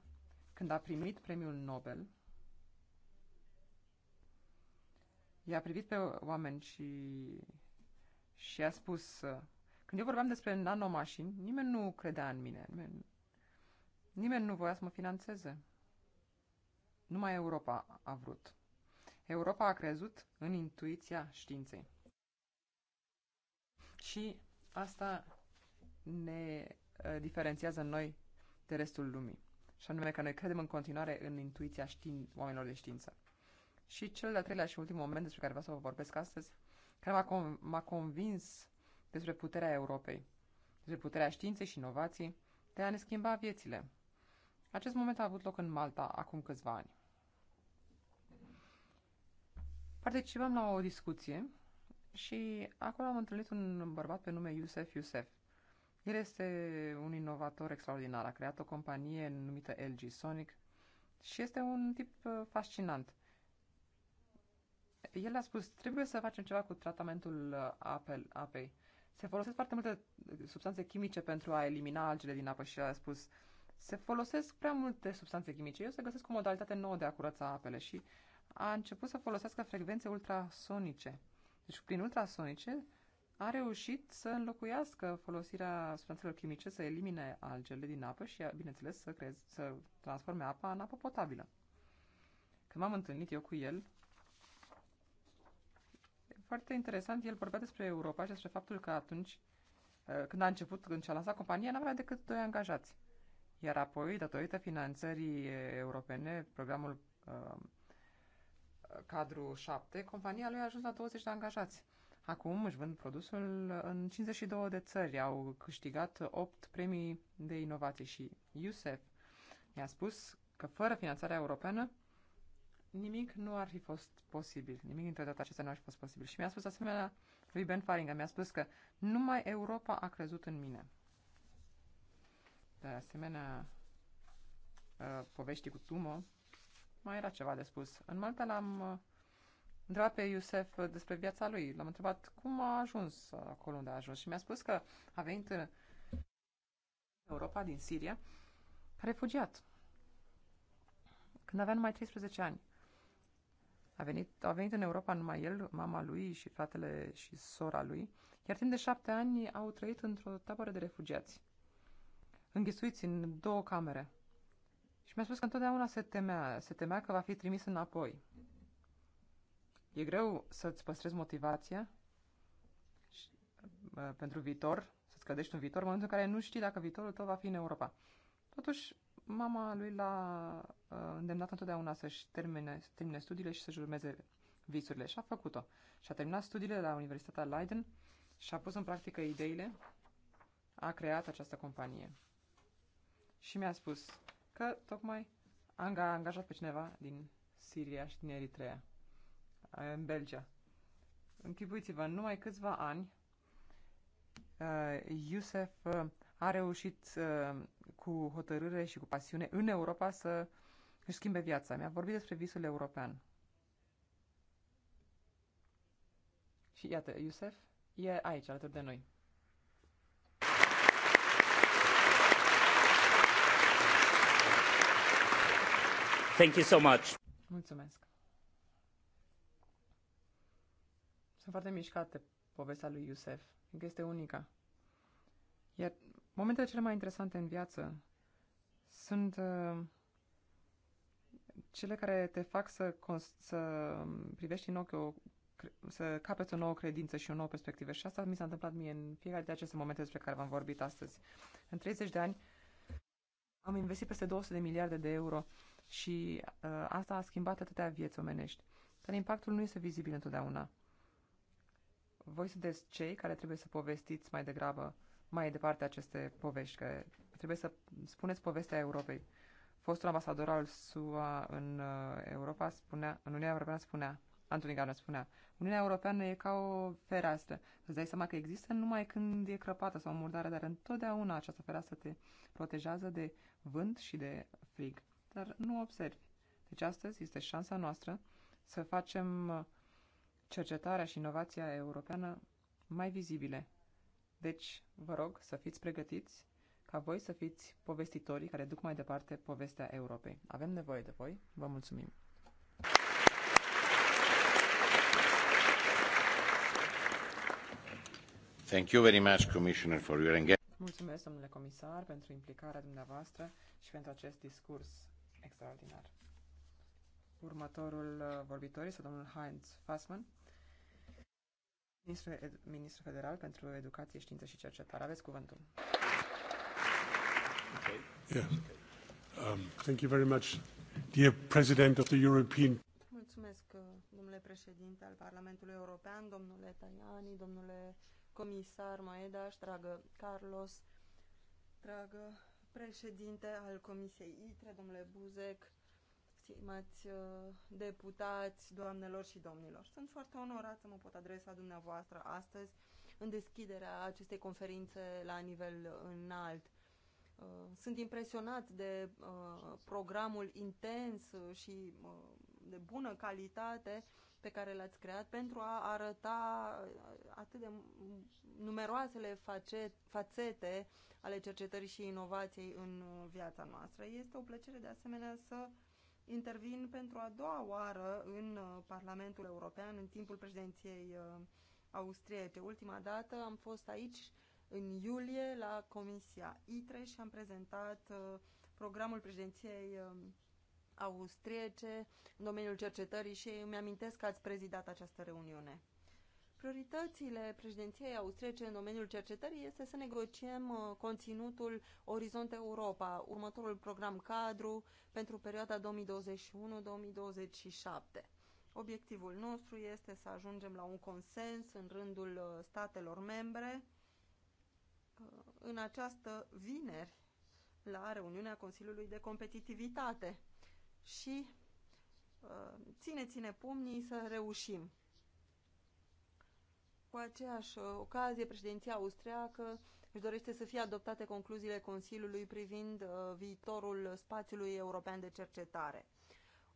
când a primit premiul Nobel, i-a privit pe oameni și, și a spus uh, când eu vorbeam despre nanomașini, nimeni nu credea în mine. Nimeni, nimeni nu voia să mă financeze. Numai Europa a vrut. Europa a crezut în intuiția științei. Și asta ne ă, diferențiază noi de restul lumii. Și anume că noi credem în continuare în intuiția știin, oamenilor de știință. Și cel de-al treilea și ultim moment despre care vreau să vă vorbesc astăzi, care m-a, con- convins despre puterea Europei, despre puterea științei și inovației de a ne schimba viețile. Acest moment a avut loc în Malta acum câțiva ani. Participăm la o discuție și acolo am întâlnit un bărbat pe nume Iusef Iusef. El este un inovator extraordinar, a creat o companie numită LG Sonic și este un tip uh, fascinant. El a spus, trebuie să facem ceva cu tratamentul uh, apel, apei. Se folosesc foarte multe uh, substanțe chimice pentru a elimina algele din apă și a spus se folosesc prea multe substanțe chimice. Eu se găsesc o modalitate nouă de a curăța apele și a început să folosească frecvențe ultrasonice. Deci prin ultrasonice a reușit să înlocuiască folosirea substanțelor chimice, să elimine algele din apă și, bineînțeles, să, creez, să transforme apa în apă potabilă. Când m-am întâlnit eu cu el, foarte interesant, el vorbea despre Europa și despre faptul că atunci uh, când a început, când și-a lansat compania, n-avea decât doi angajați. Iar apoi, datorită finanțării europene, programul uh, cadru 7, compania lui a ajuns la 20 de angajați. Acum își vând produsul în 52 de țări, au câștigat 8 premii de inovație și USEF mi-a spus că fără finanțarea europeană nimic nu ar fi fost posibil. Nimic dintre toate acestea nu ar fi fost posibil. Și mi-a spus asemenea lui Ben Faringa, mi-a spus că numai Europa a crezut în mine. Dar asemenea uh, poveștii cu Tumă, mai era ceva de spus. În Malta l-am uh, întrebat pe Iusef uh, despre viața lui. L-am întrebat cum a ajuns acolo unde a ajuns și mi-a spus că a venit în Europa din Siria refugiat. Când avea numai 13 ani. A venit, a venit în Europa numai el, mama lui și fratele și sora lui, iar timp de șapte ani au trăit într-o tabără de refugiați, înghesuiți în două camere. Și mi-a spus că întotdeauna se temea, se temea că va fi trimis înapoi. E greu să-ți păstrezi motivația și, uh, pentru viitor, să-ți cădești un viitor, în momentul în care nu știi dacă viitorul tău va fi în Europa. Totuși, mama lui l-a uh, îndemnat întotdeauna să-și termine, să termine studiile și să-și urmeze visurile și a făcut-o. Și a terminat studiile la Universitatea Leiden și a pus în practică ideile, a creat această companie. Și mi-a spus că tocmai a angajat pe cineva din Siria și din Eritrea, uh, în Belgia. Închipuiți-vă, numai câțiva ani, Iusef uh, a reușit uh, cu hotărâre și cu pasiune în Europa să își schimbe viața. Mi-a vorbit despre visul european. Și iată, Iusef e aici, alături de noi. Thank you so much. Mulțumesc. Sunt foarte mișcate povestea lui Iusef, fiindcă este unica. Iar Momentele cele mai interesante în viață sunt uh, cele care te fac să, să privești în ochi o, să capeți o nouă credință și o nouă perspectivă. Și asta mi s-a întâmplat mie în fiecare de aceste momente despre care v-am vorbit astăzi. În 30 de ani am investit peste 200 de miliarde de euro și uh, asta a schimbat atâtea vieți omenești. Dar impactul nu este vizibil întotdeauna. Voi sunteți cei care trebuie să povestiți mai degrabă mai departe aceste povești, că trebuie să spuneți povestea Europei. Fostul ambasador al SUA în uh, Europa spunea, în Uniunea Europeană spunea, Antoni Garner spunea, Uniunea Europeană e ca o fereastră. Îți dai seama că există numai când e crăpată sau murdare, dar întotdeauna această fereastră te protejează de vânt și de frig. Dar nu observi. Deci astăzi este șansa noastră să facem uh, cercetarea și inovația europeană mai vizibile. Deci, vă rog să fiți pregătiți ca voi să fiți povestitorii care duc mai departe povestea Europei. Avem nevoie de voi. Vă mulțumim! Thank you very much, Commissioner, for your engagement. Mulțumesc, domnule comisar, pentru implicarea dumneavoastră și pentru acest discurs extraordinar. Următorul uh, vorbitor este domnul Heinz Fassmann, Ministru, Ministru Federal pentru Educație, Știință și Cercetare. Aveți cuvântul. Okay. Yeah. Um, thank you very much, dear President of the European Mulțumesc, uh, domnule președinte al Parlamentului European, domnule Tajani, domnule comisar Maedaș, dragă Carlos, dragă președinte al Comisiei ITRE, domnule Buzek, stimați uh, deputați, doamnelor și domnilor. Sunt foarte onorat să mă pot adresa dumneavoastră astăzi în deschiderea acestei conferințe la nivel înalt. Uh, sunt impresionat de uh, programul intens și de bună calitate pe care l-ați creat pentru a arăta atât de numeroasele fațete ale cercetării și inovației în viața noastră. Este o plăcere de asemenea să intervin pentru a doua oară în uh, Parlamentul European în timpul președinției uh, austriece. Ultima dată am fost aici în iulie la Comisia ITRE și am prezentat uh, programul președinției um, austriece în domeniul cercetării și îmi amintesc că ați prezidat această reuniune. Prioritățile președinției austriece în domeniul cercetării este să negociem uh, conținutul Orizont Europa, următorul program cadru pentru perioada 2021-2027. Obiectivul nostru este să ajungem la un consens în rândul uh, statelor membre uh, în această vineri la reuniunea Consiliului de Competitivitate și ține, ține pumnii să reușim. Cu aceeași uh, ocazie, președinția austriacă își dorește să fie adoptate concluziile Consiliului privind uh, viitorul spațiului european de cercetare.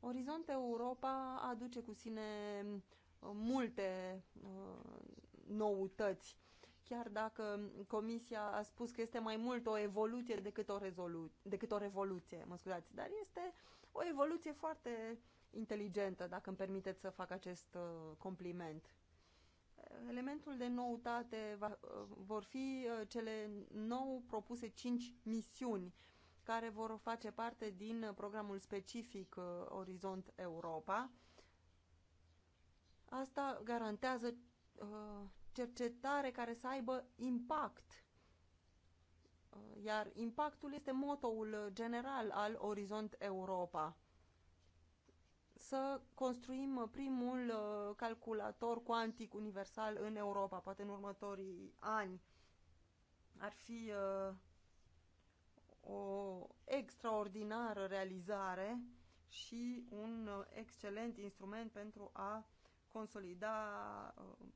Orizont Europa aduce cu sine uh, multe uh, noutăți, chiar dacă Comisia a spus că este mai mult o evoluție decât o, rezolu- decât o revoluție, mă scuzați, dar este o evoluție foarte inteligentă, dacă îmi permiteți să fac acest uh, compliment elementul de noutate va, vor fi uh, cele nou propuse cinci misiuni care vor face parte din programul specific uh, Orizont Europa. Asta garantează uh, cercetare care să aibă impact. Iar impactul este motoul general al Orizont Europa să construim uh, primul uh, calculator cuantic universal în Europa, poate în următorii ani. Ar fi uh, o extraordinară realizare și un excelent instrument pentru a consolida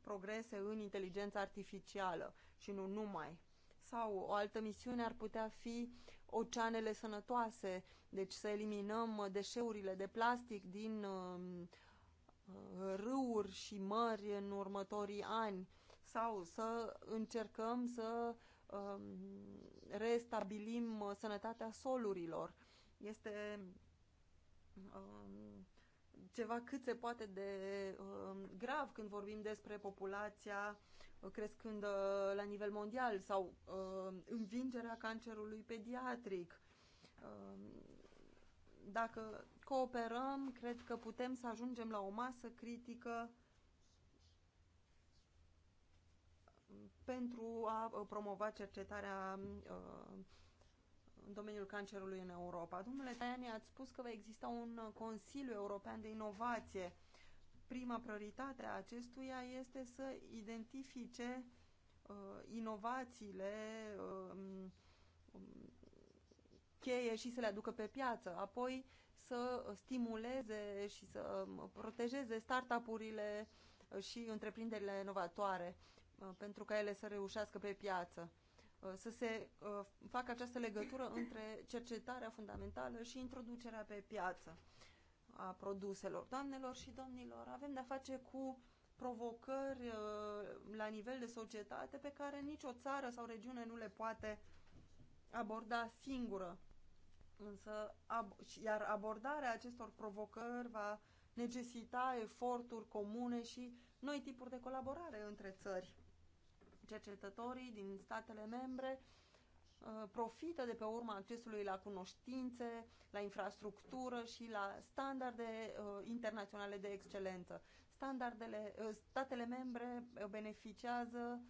progrese în inteligența artificială și nu numai. Sau o altă misiune ar putea fi oceanele sănătoase, deci să eliminăm deșeurile de plastic din uh, uh, râuri și mări în următorii ani sau să încercăm să um, restabilim uh, sănătatea solurilor. Este um, ceva cât se poate de uh, grav când vorbim despre populația crescând uh, la nivel mondial sau uh, învingerea cancerului pediatric. Um, dacă cooperăm, cred că putem să ajungem la o masă critică pentru a uh, promova cercetarea uh, în domeniul cancerului în Europa. Domnule Tajani, ați spus că va exista un uh, Consiliu European de Inovație. Prima prioritate a acestuia este să identifice uh, inovațiile uh, cheie și să le aducă pe piață, apoi să stimuleze și să um, protejeze startup-urile uh, și întreprinderile inovatoare uh, pentru ca ele să reușească pe piață. Uh, să se uh, facă această legătură între cercetarea fundamentală și introducerea pe piață a produselor. Doamnelor și domnilor, avem de-a face cu provocări uh, la nivel de societate pe care nicio țară sau regiune nu le poate aborda singură. Însă, ab iar abordarea acestor provocări va necesita eforturi comune și noi tipuri de colaborare între țări cercetătorii din statele membre uh, profită de pe urma accesului la cunoștințe, la infrastructură și la standarde uh, internaționale de excelență. Standardele, uh, statele membre beneficiază,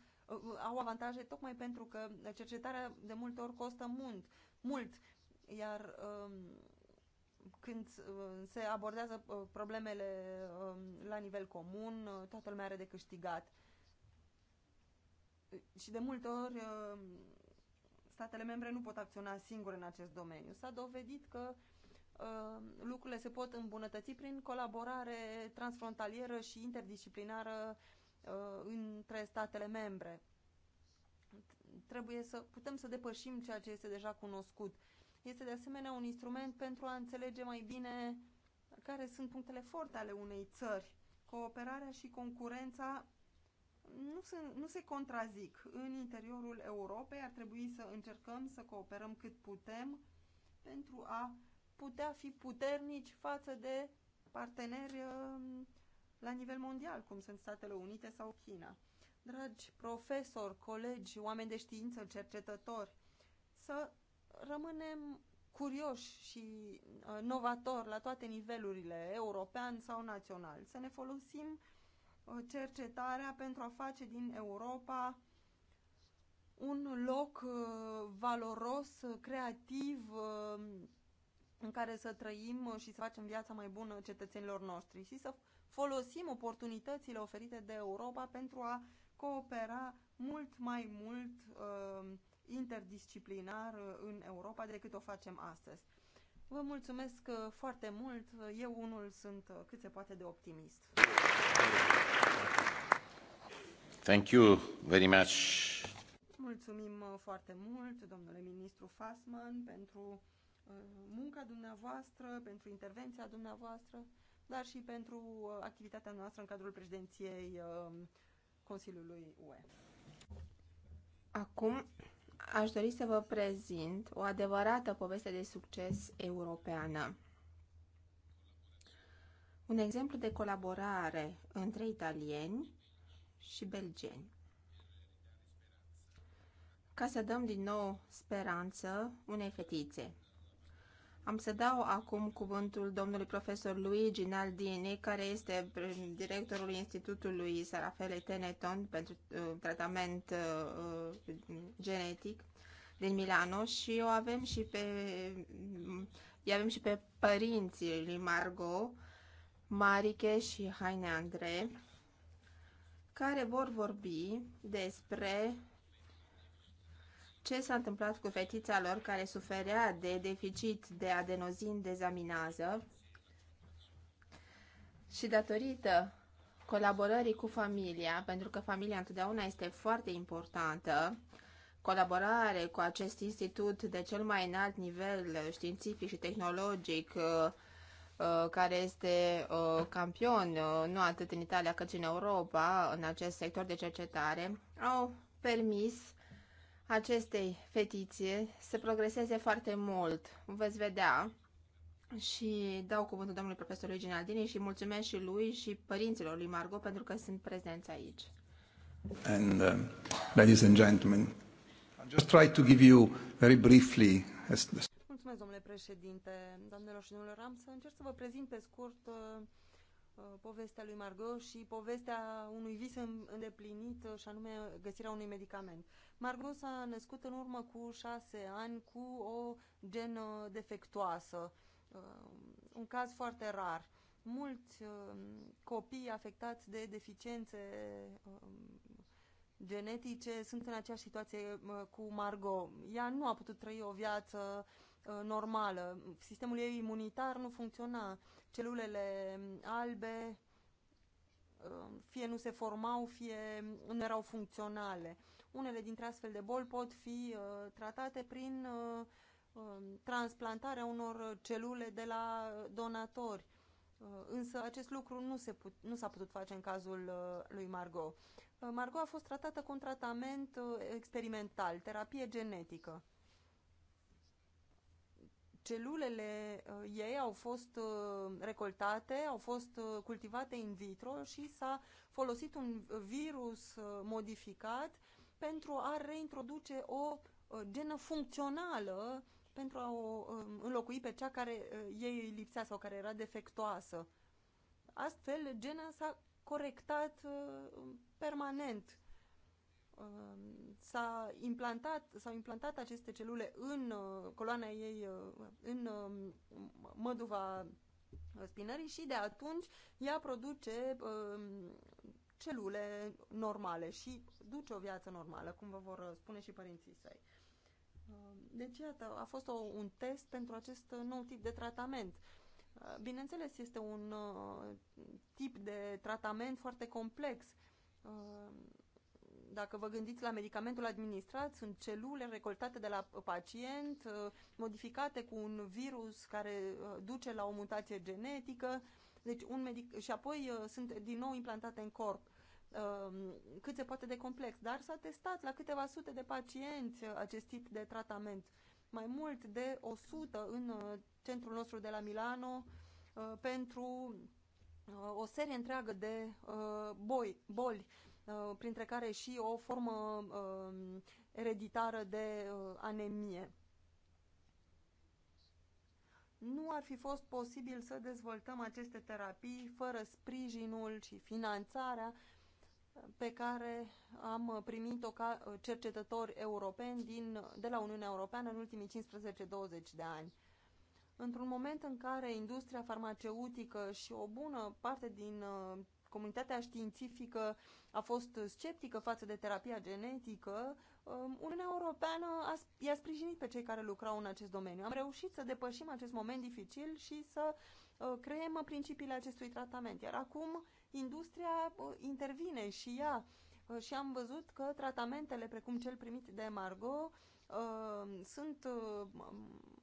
au avantaje tocmai pentru că cercetarea de multe ori costă mult, mult iar um, când se abordează problemele um, la nivel comun, toată lumea are de câștigat și de multe ori uh, statele membre nu pot acționa singure în acest domeniu. S-a dovedit că uh, lucrurile se pot îmbunătăți prin colaborare transfrontalieră și interdisciplinară uh, între statele membre. Trebuie să putem să depășim ceea ce este deja cunoscut. Este de asemenea un instrument pentru a înțelege mai bine care sunt punctele forte ale unei țări. Cooperarea și concurența nu se, nu se contrazic. În interiorul Europei ar trebui să încercăm să cooperăm cât putem pentru a putea fi puternici față de parteneri um, la nivel mondial, cum sunt Statele Unite sau China. Dragi profesori, colegi, oameni de știință, cercetători, să rămânem curioși și uh, novatori la toate nivelurile, european sau național, să ne folosim Uh, cercetarea pentru a face din Europa un loc uh, valoros, uh, creativ, în care să trăim și să facem viața mai bună cetățenilor noștri și să folosim oportunitățile oferite de Europa pentru a coopera mult mai mult interdisciplinar în Europa decât o facem astăzi. Vă mulțumesc foarte mult. Eu unul sunt cât se poate de optimist. Mulțumim uh, foarte mult, domnule ministru Fassman, pentru uh, munca dumneavoastră, pentru intervenția dumneavoastră, dar și pentru uh, activitatea noastră în cadrul președinției Consiliului UE. Acum aș dori să vă prezint o adevărată poveste de succes europeană un exemplu de colaborare între italieni și belgeni. Ca să dăm din nou speranță unei fetițe. Am să dau acum cuvântul domnului profesor Luigi Naldini, care este directorul Institutului Sarafele Teneton pentru uh, tratament uh, genetic din Milano și o avem și pe, avem și pe părinții lui Margot, Mariche și Haine Andre, care vor vorbi despre ce s-a întâmplat cu fetița lor care suferea de deficit de adenozin dezaminază și datorită colaborării cu familia, pentru că familia întotdeauna este foarte importantă, colaborare cu acest institut de cel mai înalt nivel științific și tehnologic Uh, care este uh, campion uh, nu atât în Italia cât și în Europa în acest sector de cercetare, au permis acestei fetițe să progreseze foarte mult. Veți vedea și dau cuvântul domnului profesor Ginaldini și mulțumesc și lui și părinților lui Margot pentru că sunt prezenți aici. And uh, ladies and gentlemen, I'll just try to give you very briefly Mulțumesc, domnule președinte, doamnelor și domnilor. Am să încerc să vă prezint pe scurt uh, uh povestea lui Margot și povestea unui vis îndeplinit uh, și anume găsirea unui medicament. Margot s-a născut în urmă cu șase ani cu o genă defectuoasă, uh, un caz foarte rar. Mulți copii afectați de deficiențe genetice sunt în aceeași situație cu Margot. Ea nu a putut trăi o viață uh, Uh, normală. Sistemul ei imunitar nu funcționa. Celulele albe uh, fie nu se formau, fie nu erau funcționale. Unele dintre astfel de boli pot fi uh, tratate prin um, transplantarea unor celule de la donatori. Însă acest lucru nu, se put, nu s-a putut face în cazul lui Margot. Margot a fost tratată cu un tratament experimental, terapie genetică. Celulele uh, ei au fost uh, recoltate, au fost uh, cultivate in vitro și s-a folosit un virus modificat pentru a reintroduce o genă funcțională pentru a o um, înlocui pe cea care ei lipsea sau care era defectoasă. Astfel, gena s-a corectat permanent Um, s-a implantat, s-au implantat aceste celule în uh, coloana ei, uh, în um, măduva spinării și de atunci ea produce um, celule normale și duce o viață normală, cum vă vor spune și părinții săi. Deci, iată, a fost o, un test pentru acest nou tip de tratament. Uh, bineînțeles, este un tip de tratament foarte complex dacă vă gândiți la medicamentul administrat, sunt celule recoltate de la pacient, uh, modificate cu un virus care uh, duce la o mutație genetică, deci un medic și apoi uh, sunt din nou implantate în corp um, cât se poate de complex, dar s-a testat la câteva sute de pacienți acest tip de tratament. Mai mult de 100 în centrul nostru de la Milano pentru o serie întreagă de boi, boli. Uh, printre care și o formă uh, ereditară de uh, anemie. Nu ar fi fost posibil să dezvoltăm aceste terapii fără sprijinul și finanțarea pe care am primit-o ca cercetători europeni din, de la Uniunea Europeană în ultimii 15-20 de ani. Într-un moment în care industria farmaceutică și o bună parte din comunitatea științifică a fost sceptică față de terapia genetică, um, Uniunea Europeană i-a sprijinit pe cei care lucrau în acest domeniu. Am reușit să depășim acest moment dificil și să uh, creăm principiile acestui tratament. Iar acum industria uh, intervine și ea uh, și am văzut că tratamentele precum cel primit de Margot sunt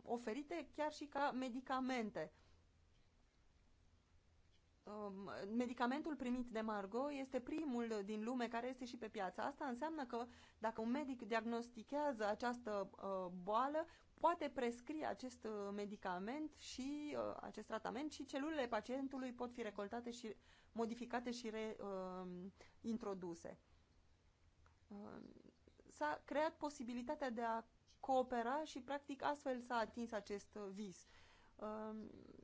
oferite chiar și ca medicamente. Um, medicamentul primit de Margot este primul din lume care este și pe piață. Asta înseamnă că dacă un medic diagnostichează această uh, boală, poate prescrie acest uh, medicament și uh, acest tratament și celulele pacientului pot fi recoltate și modificate și reintroduse. Um, um, s-a creat posibilitatea de a coopera și practic astfel s-a atins acest vis. Um,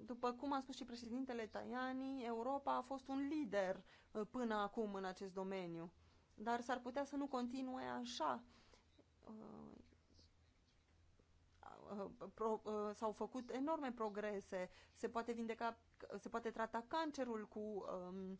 după cum a spus și președintele Tajani, Europa a fost un lider uh, până acum în acest domeniu, dar s-ar putea să nu continue așa. Uh, uh, s-au făcut enorme progrese, se poate vindeca, se poate trata cancerul cu, um,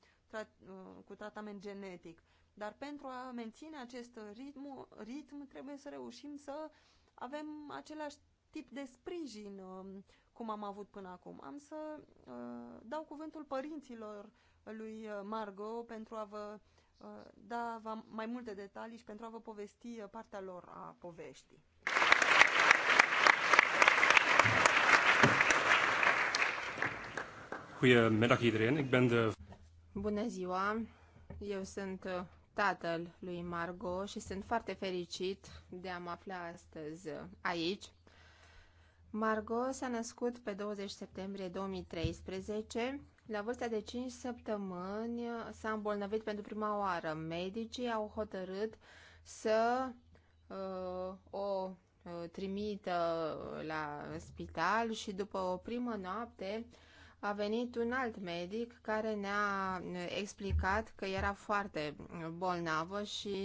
cu tratament genetic, dar pentru a menține acest ritm, ritm trebuie să reușim să avem același tip de sprijin um, cum am avut până acum. Am să uh, dau cuvântul părinților lui uh, Margot pentru a vă uh, da mai multe detalii și pentru a vă povesti uh, partea lor a poveștii. Bună ziua, eu sunt uh, tatăl lui Margot și sunt foarte fericit de a mă afla astăzi aici Margot s-a născut pe 20 septembrie 2013. La vârsta de 5 săptămâni s-a îmbolnăvit pentru prima oară. Medicii au hotărât să uh, o uh, trimită la spital și după o primă noapte a venit un alt medic care ne-a explicat că era foarte bolnavă și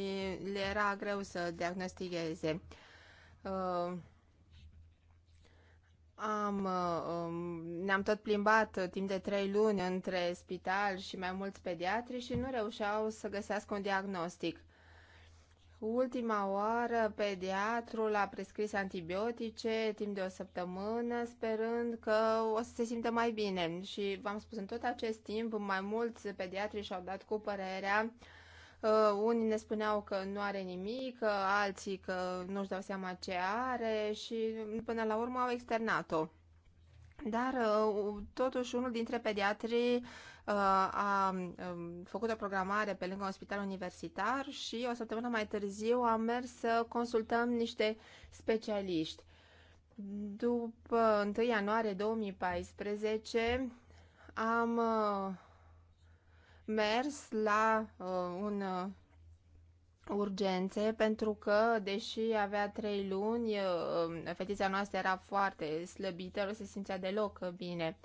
le era greu să diagnosticheze. Uh, am, uh, um, ne-am tot plimbat uh, timp de trei luni între spital și mai mulți pediatri și nu reușeau să găsească un diagnostic. Ultima oară, pediatrul a prescris antibiotice timp de o săptămână, sperând că o să se simtă mai bine. Și v-am spus, în tot acest timp, mai mulți pediatri și-au dat cu părerea Uh, unii ne spuneau că nu are nimic, uh, alții că nu-și dau seama ce are și mm, până la urmă au externat-o. Dar uh, totuși unul dintre pediatrii uh, a um, făcut o programare pe lângă un spital universitar și o săptămână mai târziu am mers să consultăm niște specialiști. După 1 ianuarie 2014 am mers la uh, un uh, urgențe pentru că, deși avea trei luni, uh, uh, fetița noastră era foarte slăbită, nu se simțea deloc bine.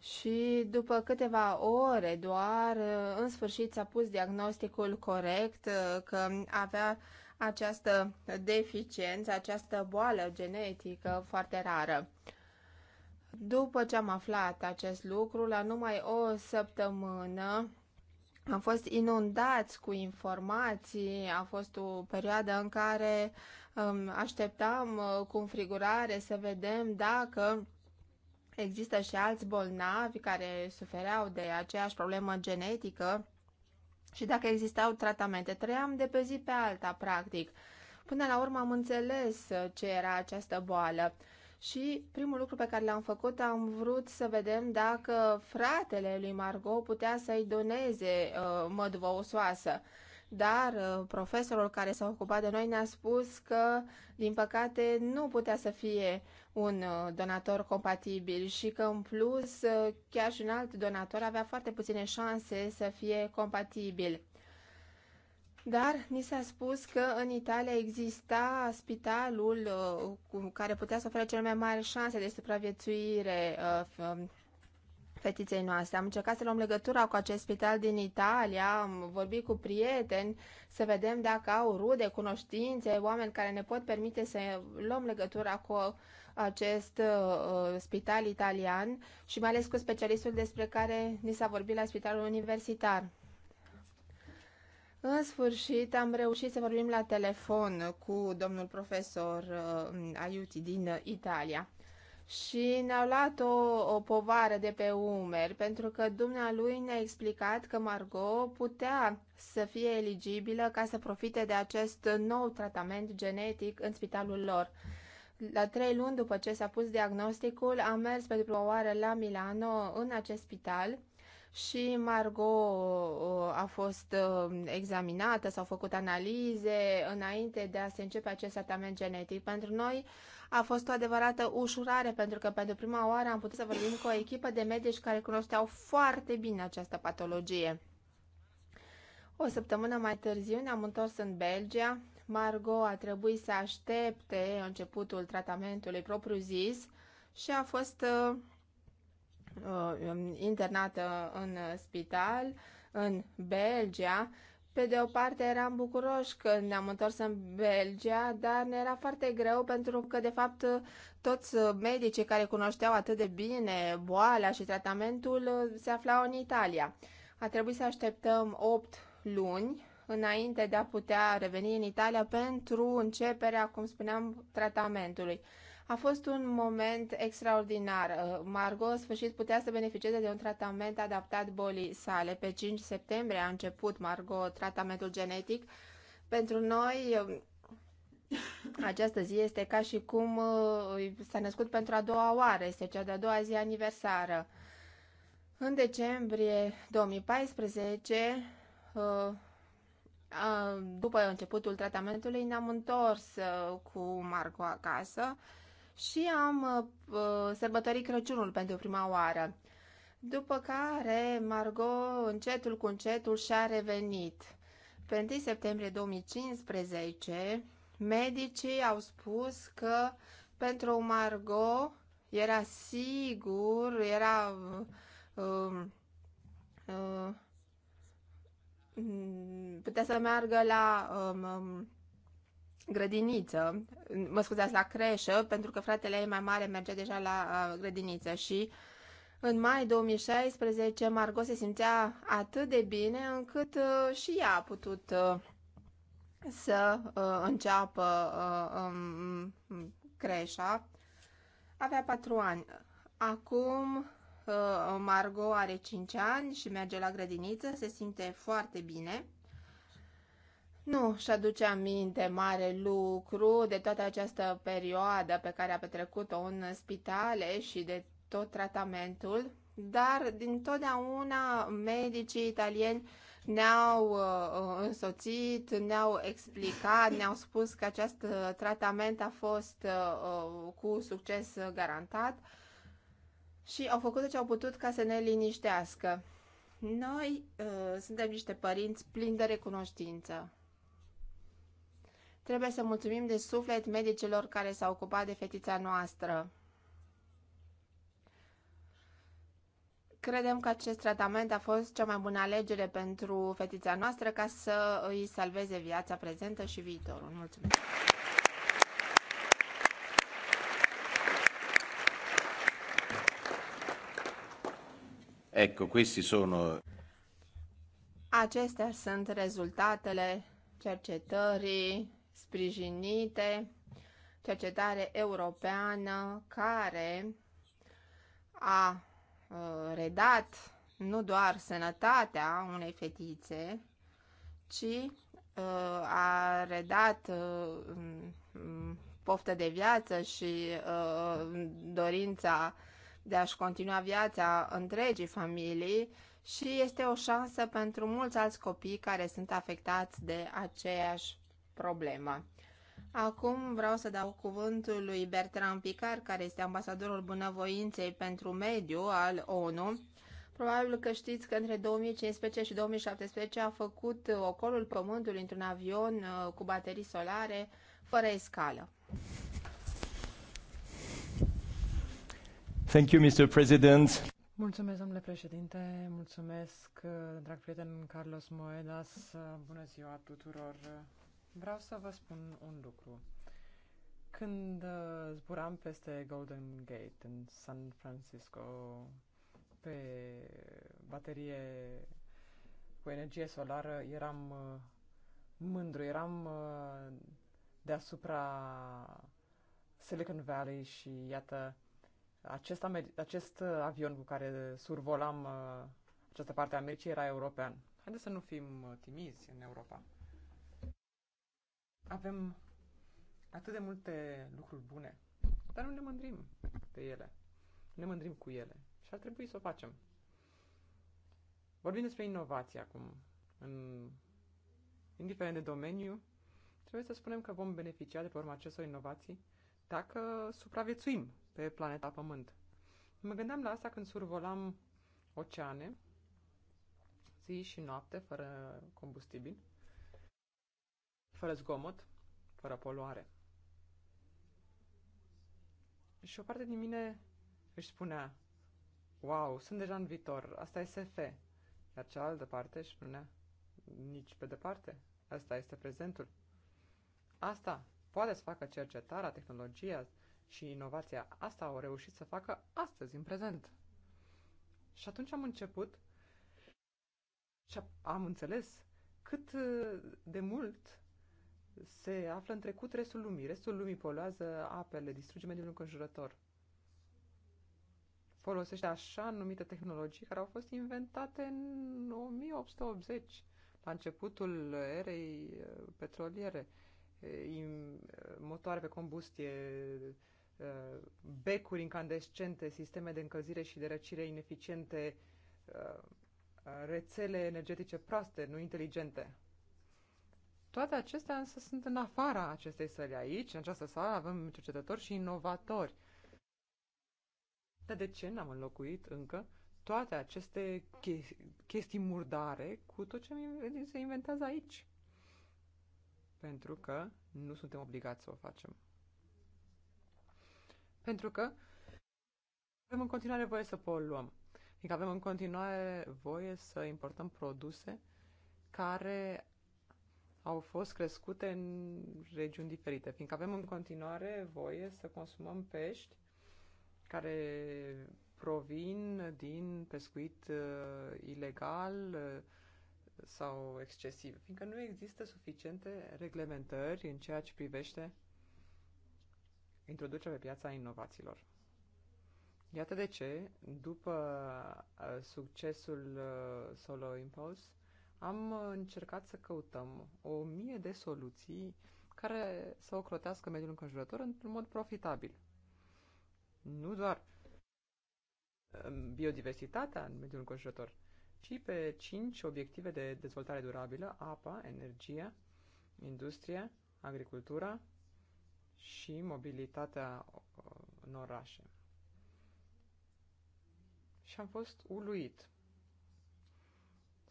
Și după câteva ore doar, uh, în sfârșit s-a pus diagnosticul corect uh, că avea această deficiență, această boală genetică foarte rară. Uh, după ce am aflat acest lucru, la numai o săptămână, am fost inundați cu informații, a fost o perioadă în care um, așteptam uh, cu înfrigurare să vedem dacă există și alți bolnavi care sufereau de aceeași problemă genetică și dacă existau tratamente. Trăiam de pe zi pe alta, practic. Până la urmă am înțeles ce era această boală și primul lucru pe care l-am făcut, am vrut să vedem dacă fratele lui Margot putea să-i doneze uh, măduvă osoasă. Dar uh, profesorul care s-a ocupat de noi ne-a spus că, din păcate, nu putea să fie un uh, donator compatibil și că, în plus, uh, chiar și un alt donator avea foarte puține șanse să fie compatibil dar ni s-a spus că în Italia exista spitalul uh, cu care putea să ofere cele mai mari șanse de supraviețuire uh, um, fetiței noastre. Am încercat să luăm legătura cu acest spital din Italia, am vorbit cu prieteni, să vedem dacă au rude, cunoștințe, oameni care ne pot permite să luăm legătura cu acest uh, spital italian și mai ales cu specialistul despre care ni s-a vorbit la spitalul universitar. În sfârșit, am reușit să vorbim la telefon cu domnul profesor uh, Aiuti din Italia și ne-au luat o, o povară de pe umeri, pentru că dumnealui ne-a explicat că Margot putea să fie eligibilă ca să profite de acest nou tratament genetic în spitalul lor. La trei luni după ce s-a pus diagnosticul, am mers pentru o oară la Milano, în acest spital, și Margot uh, a fost uh, examinată, s-au făcut analize înainte de a se începe acest tratament genetic. Pentru noi a fost o adevărată ușurare, pentru că pentru prima oară am putut să vorbim cu o echipă de medici care cunoșteau foarte bine această patologie. O săptămână mai târziu ne-am întors în Belgia. Margot a trebuit să aștepte începutul tratamentului propriu-zis și a fost uh, Uh, um, internată în spital, în Belgia. Pe de o parte eram bucuroși că ne-am întors în Belgia, dar ne era foarte greu pentru că, de fapt, toți medicii care cunoșteau atât de bine boala și tratamentul uh, se aflau în Italia. A trebuit să așteptăm 8 luni înainte de a putea reveni în Italia pentru începerea, cum spuneam, tratamentului. A fost un moment extraordinar. Uh, Margot, în sfârșit, putea să beneficieze de un tratament adaptat bolii sale. Pe 5 septembrie a început Margot tratamentul genetic. Pentru noi, um, această zi este ca și cum uh, s-a născut pentru a doua oară, este cea de-a doua zi aniversară. În decembrie 2014, uh, după începutul tratamentului, ne-am întors cu Margot acasă și am uh, sărbătorit Crăciunul pentru prima oară. După care Margot încetul cu încetul și-a revenit. Pe 1 septembrie 2015, medicii au spus că pentru Margot era sigur, era um, uh, uh, putea să meargă la um, um grădiniță, mă scuzați, la creșă, pentru că fratele ei mai mare mergea deja la uh, grădiniță și în mai 2016 Margot se simțea atât de bine încât uh, și ea a putut uh, să uh, înceapă uh, um, creșa. Avea patru ani. Acum uh, Margot are 5 ani și merge la grădiniță, se simte foarte bine nu și aduce aminte mare lucru de toată această perioadă pe care a petrecut-o în spitale și de tot tratamentul, dar din totdeauna medicii italieni ne-au uh, însoțit, ne-au explicat, ne-au spus că acest tratament a fost uh, uh cu succes garantat și au făcut ce au putut ca să ne liniștească. Noi uh, suntem niște părinți plini de recunoștință Trebuie să mulțumim de suflet medicilor care s-au ocupat de fetița noastră. Credem că acest tratament a fost cea mai bună alegere pentru fetița noastră ca să îi salveze viața prezentă și viitorul. Mulțumesc! Ecco, questi sono... Acestea sunt rezultatele cercetării sprijinite, cercetare europeană care a uh, redat nu doar sănătatea unei fetițe, ci uh, a redat uh, mm, poftă de viață și dorința de a-și continua viața întregii familii și este o șansă pentru mulți alți copii care sunt afectați de aceeași problema. Acum vreau să dau cuvântul lui Bertrand Picard, care este ambasadorul bunăvoinței pentru mediu al ONU. Probabil că știți că între 2015 și 2017 a făcut ocolul Pământului într-un avion uh, cu baterii solare, fără escală. Thank you, Mr. President. Mulțumesc, domnule președinte, mulțumesc, uh, drag prieten Carlos Moedas, uh, bună ziua tuturor Vreau să vă spun un lucru. Când uh, zburam peste Golden Gate în San Francisco pe baterie cu energie solară, eram uh, mândru, eram uh, deasupra Silicon Valley și iată acest, acest avion cu care survolam această parte a Americii era european. Haideți să nu fim timizi în Europa. Avem atât de multe lucruri bune, dar nu ne mândrim de ele. Ne mândrim cu ele și ar trebui să o facem. Vorbim despre inovație acum. În, indiferent de domeniu, trebuie să spunem că vom beneficia de pe urma acestor inovații dacă supraviețuim pe planeta Pământ. Mă gândeam la asta când survolam oceane, zi și noapte, fără combustibil, fără zgomot, fără poluare. Și o parte din mine își spunea, wow, sunt deja în viitor, asta e SF. Iar cealaltă parte își spunea, nici pe departe, asta este prezentul. Asta poate să facă cercetarea, tehnologia și inovația. Asta au reușit să facă astăzi, în prezent. Și atunci am început și am înțeles cât de mult se află în trecut restul lumii. Restul lumii poluează apele, distruge mediul înconjurător. Folosește așa numite tehnologii care au fost inventate în 1880, la începutul erei uh, petroliere. Uh, motoare pe combustie, uh, becuri incandescente, sisteme de încălzire și de răcire ineficiente, rețele energetice proaste, nu inteligente. Toate acestea însă sunt în afara acestei săli aici. În această sală avem cercetători și inovatori. Dar de ce n-am înlocuit încă toate aceste chestii murdare cu tot ce se inventează aici? Pentru că nu suntem obligați să o facem. Pentru că avem în continuare voie să poluăm. Adică avem în continuare voie să importăm produse care au fost crescute în regiuni diferite, fiindcă avem în continuare voie să consumăm pești care provin din pescuit uh, ilegal uh, sau excesiv, fiindcă nu există suficiente reglementări în ceea ce privește introducerea pe piața inovațiilor. Iată de ce, după uh, succesul uh, Solo Impulse, am încercat să căutăm o mie de soluții care să ocrotească mediul înconjurător într-un mod profitabil. Nu doar um, biodiversitatea în mediul înconjurător, ci pe cinci obiective de dezvoltare durabilă, apa, energia, industria, agricultura și mobilitatea uh, în orașe. Și am fost uluit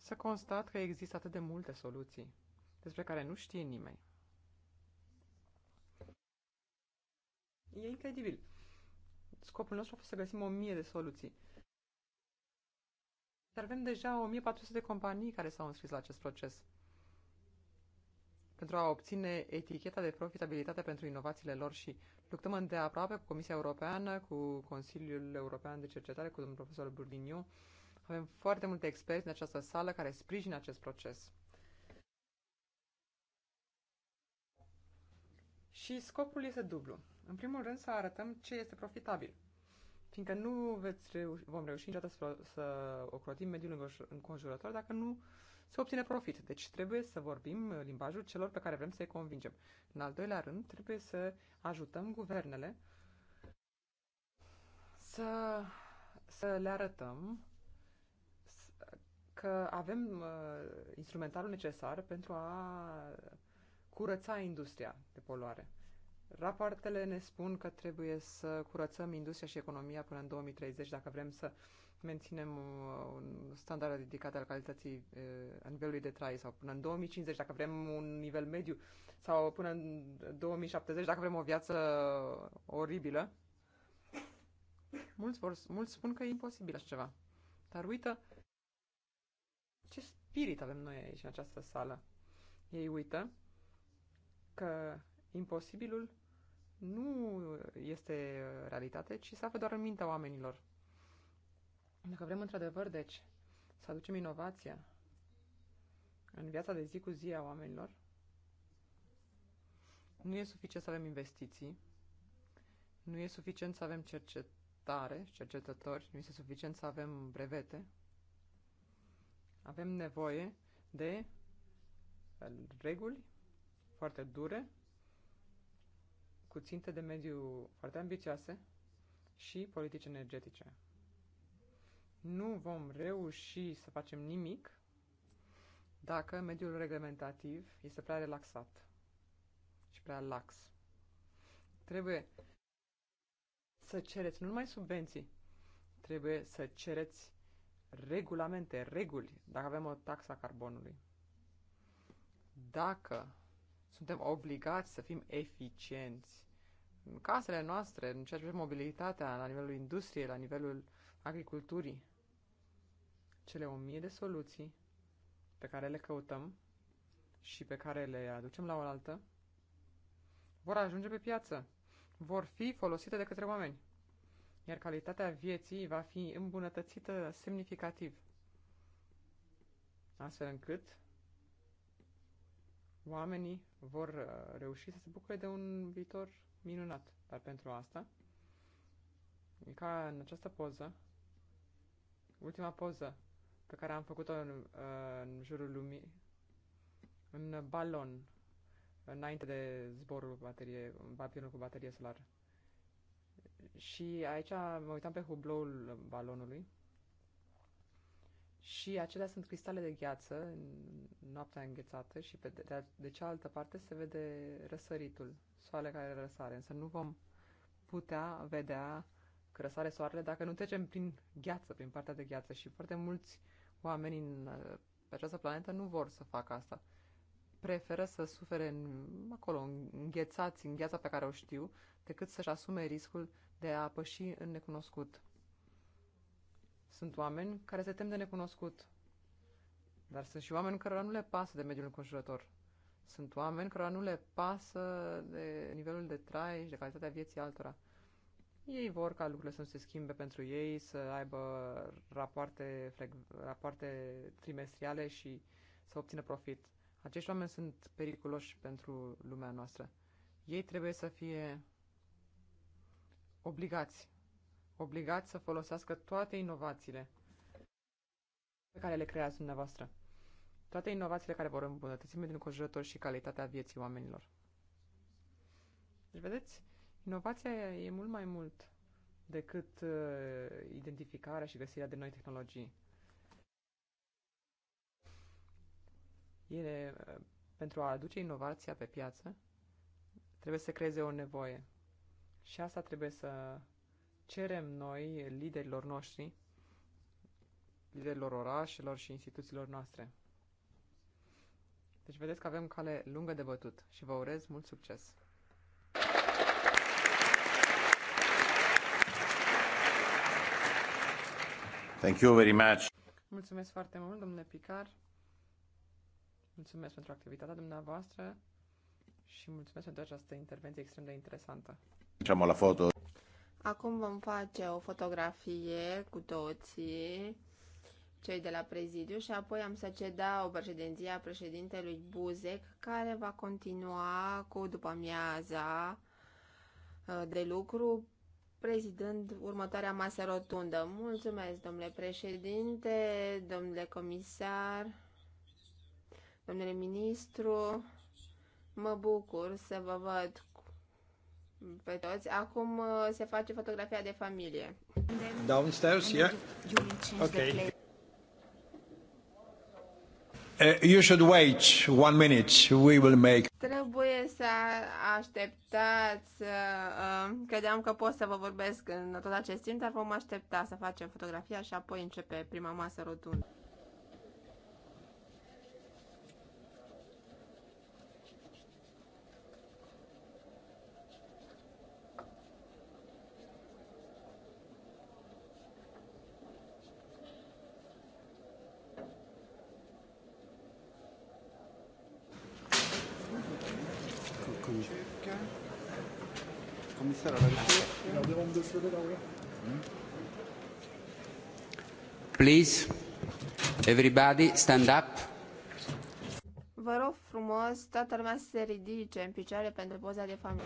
să constat că există atât de multe soluții despre care nu știe nimeni. E incredibil. Scopul nostru a fost să găsim o mie de soluții. Dar avem deja 1400 de companii care s-au înscris la acest proces. Pentru a obține eticheta de profitabilitate pentru inovațiile lor și luptăm îndeaproape cu Comisia Europeană, cu Consiliul European de Cercetare, cu domnul profesor Burdignon, avem foarte multe experți în această sală care sprijină acest proces. Și scopul este dublu. În primul rând să arătăm ce este profitabil. Fiindcă nu veți reuși, vom reuși niciodată să, să ocrotim mediul înconjurător dacă nu se obține profit. Deci trebuie să vorbim limbajul celor pe care vrem să-i convingem. În al doilea rând, trebuie să ajutăm guvernele să, să le arătăm că avem uh, instrumentarul necesar pentru a curăța industria de poluare. Rapoartele ne spun că trebuie să curățăm industria și economia până în 2030 dacă vrem să menținem uh, un standard ridicat al calității uh, a nivelului de trai sau până în 2050 dacă vrem un nivel mediu sau până în 2070 dacă vrem o viață oribilă. Mulți, vor, mulți spun că e imposibil așa ceva. Dar uită ce spirit avem noi aici, în această sală. Ei uită că imposibilul nu este uh, realitate, ci se află doar în mintea oamenilor. Dacă vrem într-adevăr, deci, să aducem inovația în viața de zi cu zi a oamenilor, nu e suficient să avem investiții, nu e suficient să avem cercetare, cercetători, nu este suficient să avem brevete, avem nevoie de uh, reguli foarte dure, cu ținte de mediu foarte ambițioase și politici energetice. Nu vom reuși să facem nimic dacă mediul reglementativ este prea relaxat și prea lax. Trebuie să cereți nu numai subvenții, trebuie să cereți regulamente, reguli, dacă avem o taxă a carbonului. Dacă suntem obligați să fim eficienți în casele noastre, în ceea ce privește mobilitatea la nivelul industriei, la nivelul agriculturii, cele o mie de soluții pe care le căutăm și pe care le aducem la oaltă vor ajunge pe piață, vor fi folosite de către oameni iar calitatea vieții va fi îmbunătățită semnificativ, astfel încât oamenii vor uh, reuși să se bucure de un viitor minunat. Dar pentru asta, ca în această poză, ultima poză pe care am făcut-o în, uh, în jurul lumii, în balon, înainte de zborul cu baterie, în cu baterie solară. Și aici mă uitam pe hubloul balonului. Și acelea sunt cristale de gheață, noaptea înghețată, și pe de, de cealaltă parte se vede răsăritul, soarele care răsare. Însă nu vom putea vedea că răsare soarele dacă nu trecem prin gheață, prin partea de gheață. Și foarte mulți oameni în, pe această planetă nu vor să facă asta. Preferă să sufere în, acolo, înghețați, în gheața pe care o știu, decât să-și asume riscul de a păși în necunoscut. Sunt oameni care se tem de necunoscut, dar sunt și oameni care nu le pasă de mediul înconjurător. Sunt oameni care nu le pasă de nivelul de trai și de calitatea vieții altora. Ei vor ca lucrurile să nu se schimbe pentru ei, să aibă rapoarte, rapoarte trimestriale și să obțină profit. Acești oameni sunt periculoși pentru lumea noastră. Ei trebuie să fie obligați, obligați să folosească toate inovațiile pe care le creați dumneavoastră. Toate inovațiile care vor îmbunătăți mediul înconjurător și calitatea vieții oamenilor. Deci, vedeți, inovația e mult mai mult decât uh, identificarea și găsirea de noi tehnologii. E, uh, pentru a aduce inovația pe piață, trebuie să creeze o nevoie. Și asta trebuie să cerem noi liderilor noștri, liderilor orașelor și instituțiilor noastre. Deci vedeți că avem cale lungă de bătut și vă urez mult succes! Thank you very much. Mulțumesc foarte mult, domnule Picar. Mulțumesc pentru activitatea dumneavoastră și mulțumesc pentru această intervenție extrem de interesantă. Facem la foto. Acum vom face o fotografie cu toții, cei de la prezidiu, și apoi am să ceda o președinție a președintelui Buzec, care va continua cu după amiaza uh, de lucru, prezidând următoarea masă rotundă. Mulțumesc, domnule președinte, domnule comisar, domnule ministru. Mă bucur să vă văd pe toți. Acum uh, se face fotografia de familie. Downstairs, yeah? Okay. Uh, you should wait one minute. We will make. Trebuie să așteptați. Uh, uh, credeam că pot să vă vorbesc în tot acest timp, dar vom aștepta să facem fotografia și apoi începe prima masă rotundă. Please, everybody, stand up. Vă rog frumos, toată lumea să se ridice în picioare pentru poza de familie.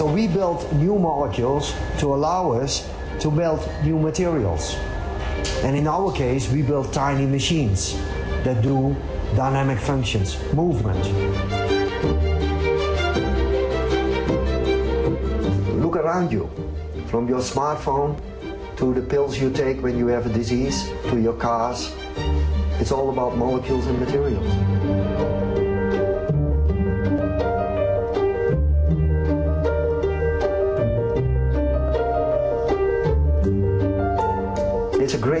So we built new molecules to allow us to build new materials. And in our case, we built tiny machines that do dynamic functions, movement. Look around you, from your smartphone to the pills you take when you have a disease, to your cars. It's all about molecules and materials.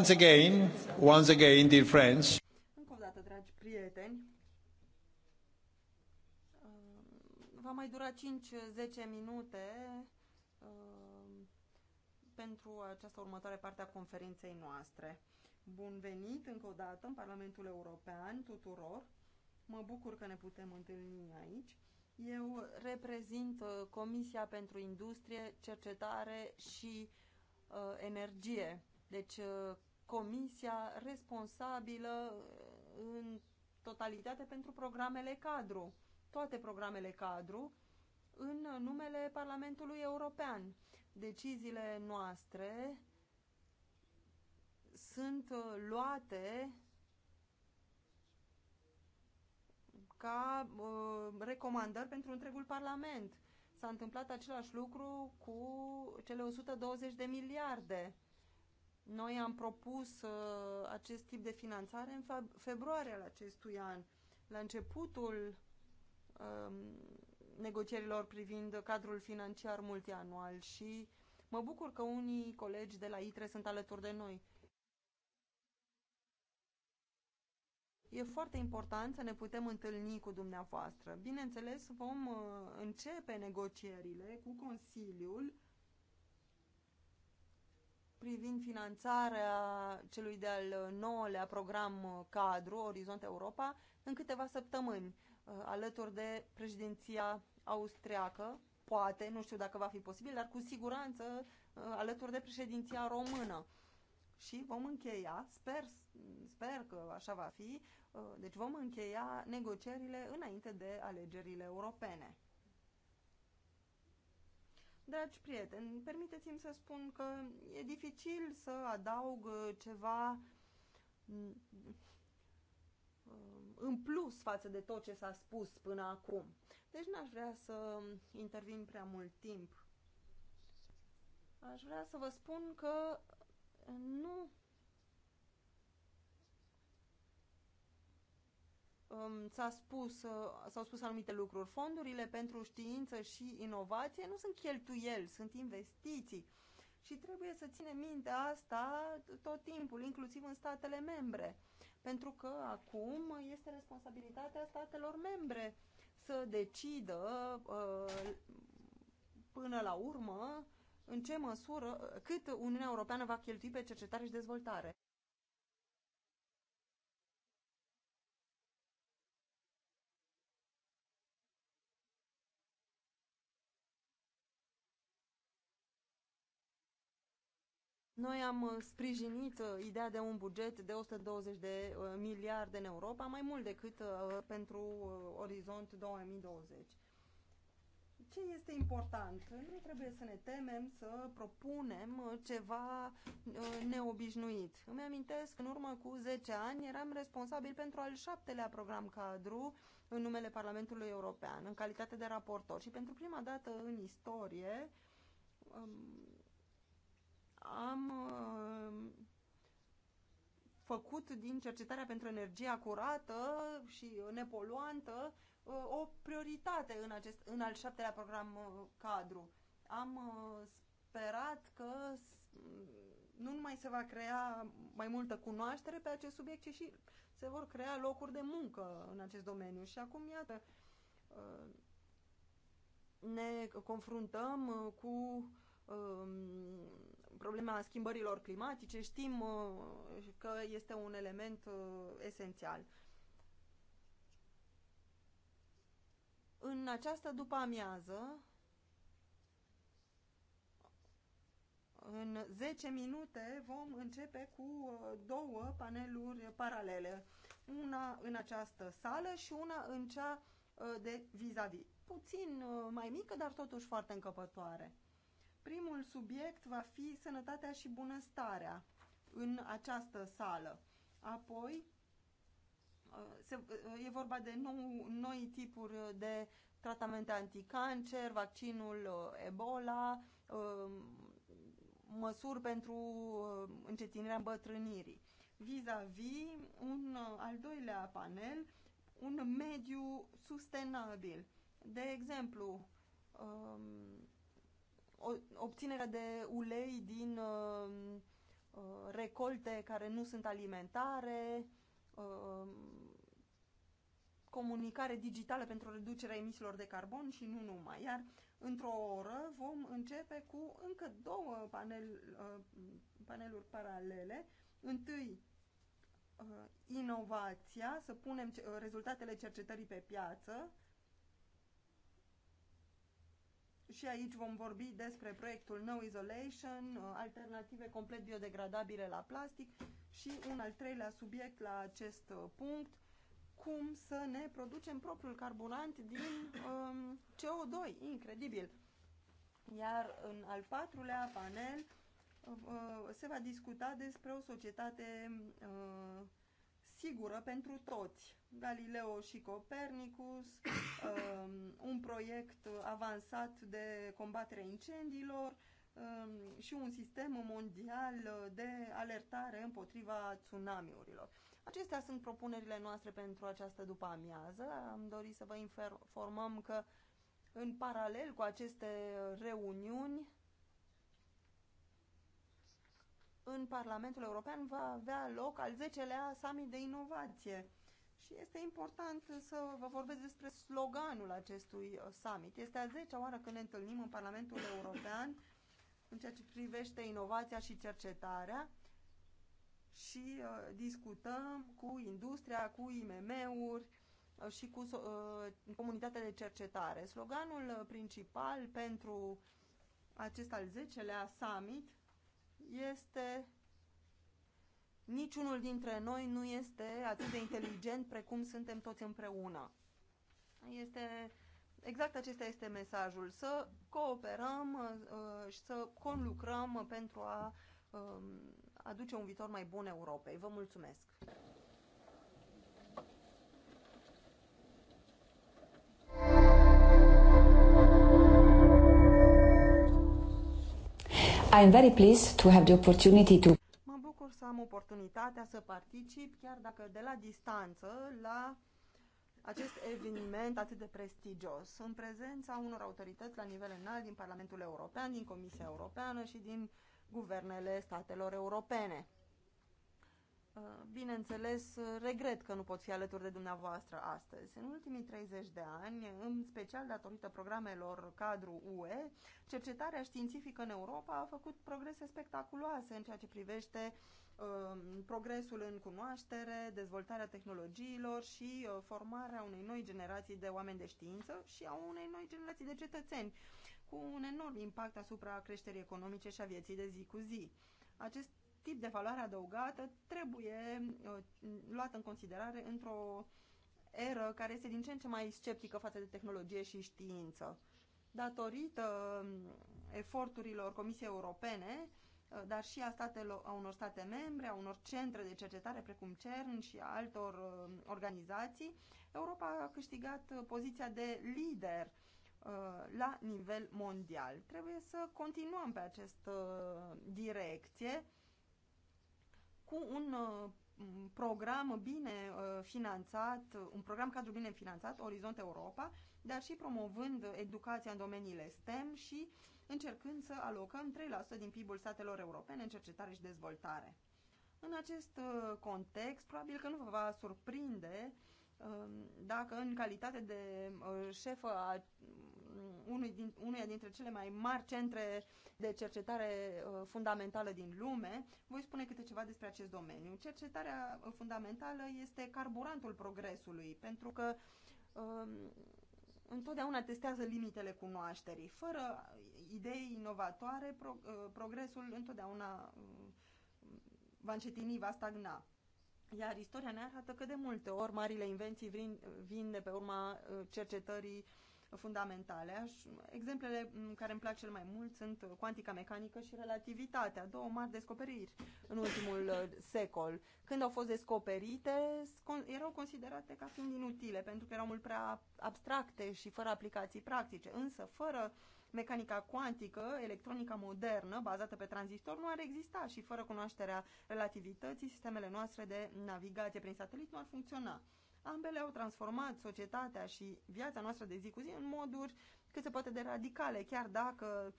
Once again, once again, dear friends. Încă o dată, dragi prieteni, uh, va mai dura 5-10 minute uh, pentru această următoare parte a conferinței noastre. Bun venit încă o dată în Parlamentul European tuturor. Mă bucur că ne putem întâlni aici. Eu reprezint uh, Comisia pentru Industrie, Cercetare și uh, Energie. Deci uh, comisia responsabilă uh, în totalitate pentru programele cadru, toate programele cadru, în numele Parlamentului European. Deciziile noastre sunt uh, luate ca uh, recomandări pentru întregul Parlament. S-a întâmplat același lucru cu cele 120 de miliarde. Noi am propus uh, acest tip de finanțare în februarie al acestui an, la începutul uh, negocierilor privind cadrul financiar multianual și mă bucur că unii colegi de la ITRE sunt alături de noi. E foarte important să ne putem întâlni cu dumneavoastră. Bineînțeles, vom uh, începe negocierile cu Consiliul privind finanțarea celui de-al nouălea program cadru, Orizont Europa, în câteva săptămâni, uh, alături de președinția austriacă, poate, nu știu dacă va fi posibil, dar cu siguranță uh, alături de președinția română. Și vom încheia, sper, sper că așa va fi, uh, deci vom încheia negocierile înainte de alegerile europene. Dragi prieteni, permiteți-mi să spun că e dificil să adaug ceva mm, în plus față de tot ce s-a spus până acum. Deci n-aș vrea să intervin prea mult timp. Aș vrea să vă spun că nu s-a spus, uh, s-au spus anumite lucruri. Fondurile pentru știință și inovație nu sunt cheltuieli, sunt investiții. Și trebuie să ținem minte asta tot timpul, inclusiv în statele membre. Pentru că acum este responsabilitatea statelor membre să decidă uh, până la urmă în ce măsură, cât Uniunea Europeană va cheltui pe cercetare și dezvoltare. Noi am uh, sprijinit uh, ideea de un buget de 120 de uh, miliarde în Europa, mai mult decât pentru Orizont 2020. Ce este important? Nu trebuie să ne temem să propunem ceva neobișnuit. Îmi amintesc, în urmă cu 10 ani, eram responsabil pentru al șaptelea program cadru în numele Parlamentului European, în calitate de raportor. Și pentru prima dată în istorie, um, am uh, făcut din cercetarea pentru energia curată și nepoluantă uh, o prioritate în, acest, în al șaptelea program uh, cadru. Am sperat că nu numai se va crea mai multă cunoaștere pe acest subiect, ci și se vor crea locuri de muncă în acest domeniu. Și acum, iată, ne confruntăm cu um, problema schimbărilor climatice, știm uh, că este un element uh, esențial. În această după amiază, în 10 minute vom începe cu uh, două paneluri paralele. Una în această sală și una în cea de vis-a-vis. -vis. Puțin mai mică, dar totuși foarte încăpătoare. Primul subiect va fi sănătatea și bunăstarea în această sală. Apoi uh, se, uh, e vorba de nou, noi tipuri de tratamente anticancer, vaccinul uh, Ebola, um, măsuri pentru încetinirea îmbătrânirii. Vis-a-vis, -vis, un al doilea panel, un mediu sustenabil. De exemplu, um, obținerea de ulei din uh, uh, recolte care nu sunt alimentare, uh, comunicare digitală pentru reducerea emisiilor de carbon și nu numai. Iar într-o oră vom începe cu încă două panel, uh, paneluri paralele. Întâi, uh, inovația, să punem uh, rezultatele cercetării pe piață, și aici vom vorbi despre proiectul No Isolation, uh, alternative complet biodegradabile la plastic și un al treilea subiect la acest uh, punct, cum să ne producem propriul carburant din um, CO2. Incredibil! Iar în al patrulea panel uh, se va discuta despre o societate uh, sigură pentru toți. Galileo și Copernicus, *coughs* um, un proiect avansat de combatere incendiilor um, și un sistem mondial de alertare împotriva tsunamiurilor. Acestea sunt propunerile noastre pentru această după amiază. Am dorit să vă informăm că în paralel cu aceste reuniuni în Parlamentul European va avea loc al 10-lea summit de inovație. Și este important să vă vorbesc despre sloganul acestui uh, summit. Este a 10-a oară când ne întâlnim în Parlamentul European în ceea ce privește inovația și cercetarea și uh, discutăm cu industria, cu IMM-uri uh, și cu uh, comunitatea de cercetare. Sloganul uh, principal pentru acest al 10-lea summit este niciunul dintre noi nu este atât de inteligent precum suntem toți împreună. Este exact acesta este mesajul, să cooperăm uh, și să conlucrăm pentru a uh, aduce un viitor mai bun Europei. Vă mulțumesc. I am very pleased to have the opportunity to Mă bucur să am oportunitatea să particip, chiar dacă de la distanță, la acest eveniment atât de prestigios, în prezența unor autorități la nivel înalt din Parlamentul European, din Comisia Europeană și din guvernele statelor europene. Uh, bineînțeles, uh, regret că nu pot fi alături de dumneavoastră astăzi. În ultimii 30 de ani, în special datorită programelor cadru UE, cercetarea științifică în Europa a făcut progrese spectaculoase în ceea ce privește uh, progresul în cunoaștere, dezvoltarea tehnologiilor și uh, formarea unei noi generații de oameni de știință și a unei noi generații de cetățeni, cu un enorm impact asupra creșterii economice și a vieții de zi cu zi. Acest tip de valoare adăugată trebuie uh, luat în considerare într-o eră care este din ce în ce mai sceptică față de tehnologie și știință. Datorită um, eforturilor Comisiei Europene, uh, dar și a, statelor, a unor state membre, a unor centre de cercetare precum CERN și a altor um, organizații, Europa a câștigat uh, poziția de lider la nivel mondial. Trebuie să continuăm pe această direcție cu uh, un program bine uh, finanțat, un program cadru bine finanțat, Orizont Europa, dar și promovând educația în domeniile STEM și încercând să alocăm 3% din PIB-ul statelor europene în cercetare și dezvoltare. În acest uh, context, probabil că nu vă va surprinde um, dacă în calitate de șefă a unul din, unuia dintre cele mai mari centre de cercetare uh, fundamentală din lume. Voi spune câte ceva despre acest domeniu. Cercetarea uh, fundamentală este carburantul progresului, pentru că um, întotdeauna testează limitele cunoașterii. Fără idei inovatoare, pro, uh, progresul întotdeauna va încetini, va stagna. Iar istoria ne arată că de multe ori marile invenții vin, vin de pe urma cercetării fundamentale. Exemplele care îmi plac cel mai mult sunt cuantica mecanică și relativitatea, două mari descoperiri în ultimul uh, secol. Când au fost descoperite, erau considerate ca fiind inutile, pentru că erau mult prea abstracte și fără aplicații practice. Însă, fără mecanica cuantică, electronica modernă, bazată pe tranzistor, nu ar exista și fără cunoașterea relativității, sistemele noastre de navigație prin satelit nu ar funcționa ambele au transformat societatea și viața noastră de zi cu zi în moduri cât se poate de radicale, chiar dacă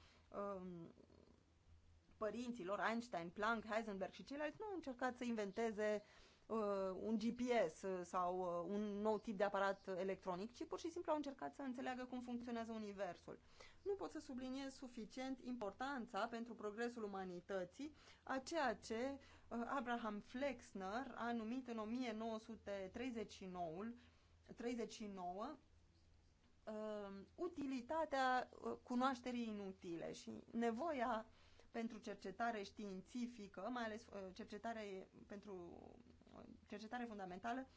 um, lor Einstein, Planck, Heisenberg și ceilalți nu au încercat să inventeze uh, un GPS sau uh, un nou tip de aparat electronic, ci pur și simplu au încercat să înțeleagă cum funcționează universul nu pot să subliniez suficient importanța pentru progresul umanității a ceea ce uh, Abraham Flexner a numit în 1939 uh, utilitatea uh, cunoașterii inutile și nevoia pentru cercetare științifică, mai ales cercetare pentru cercetare fundamentală,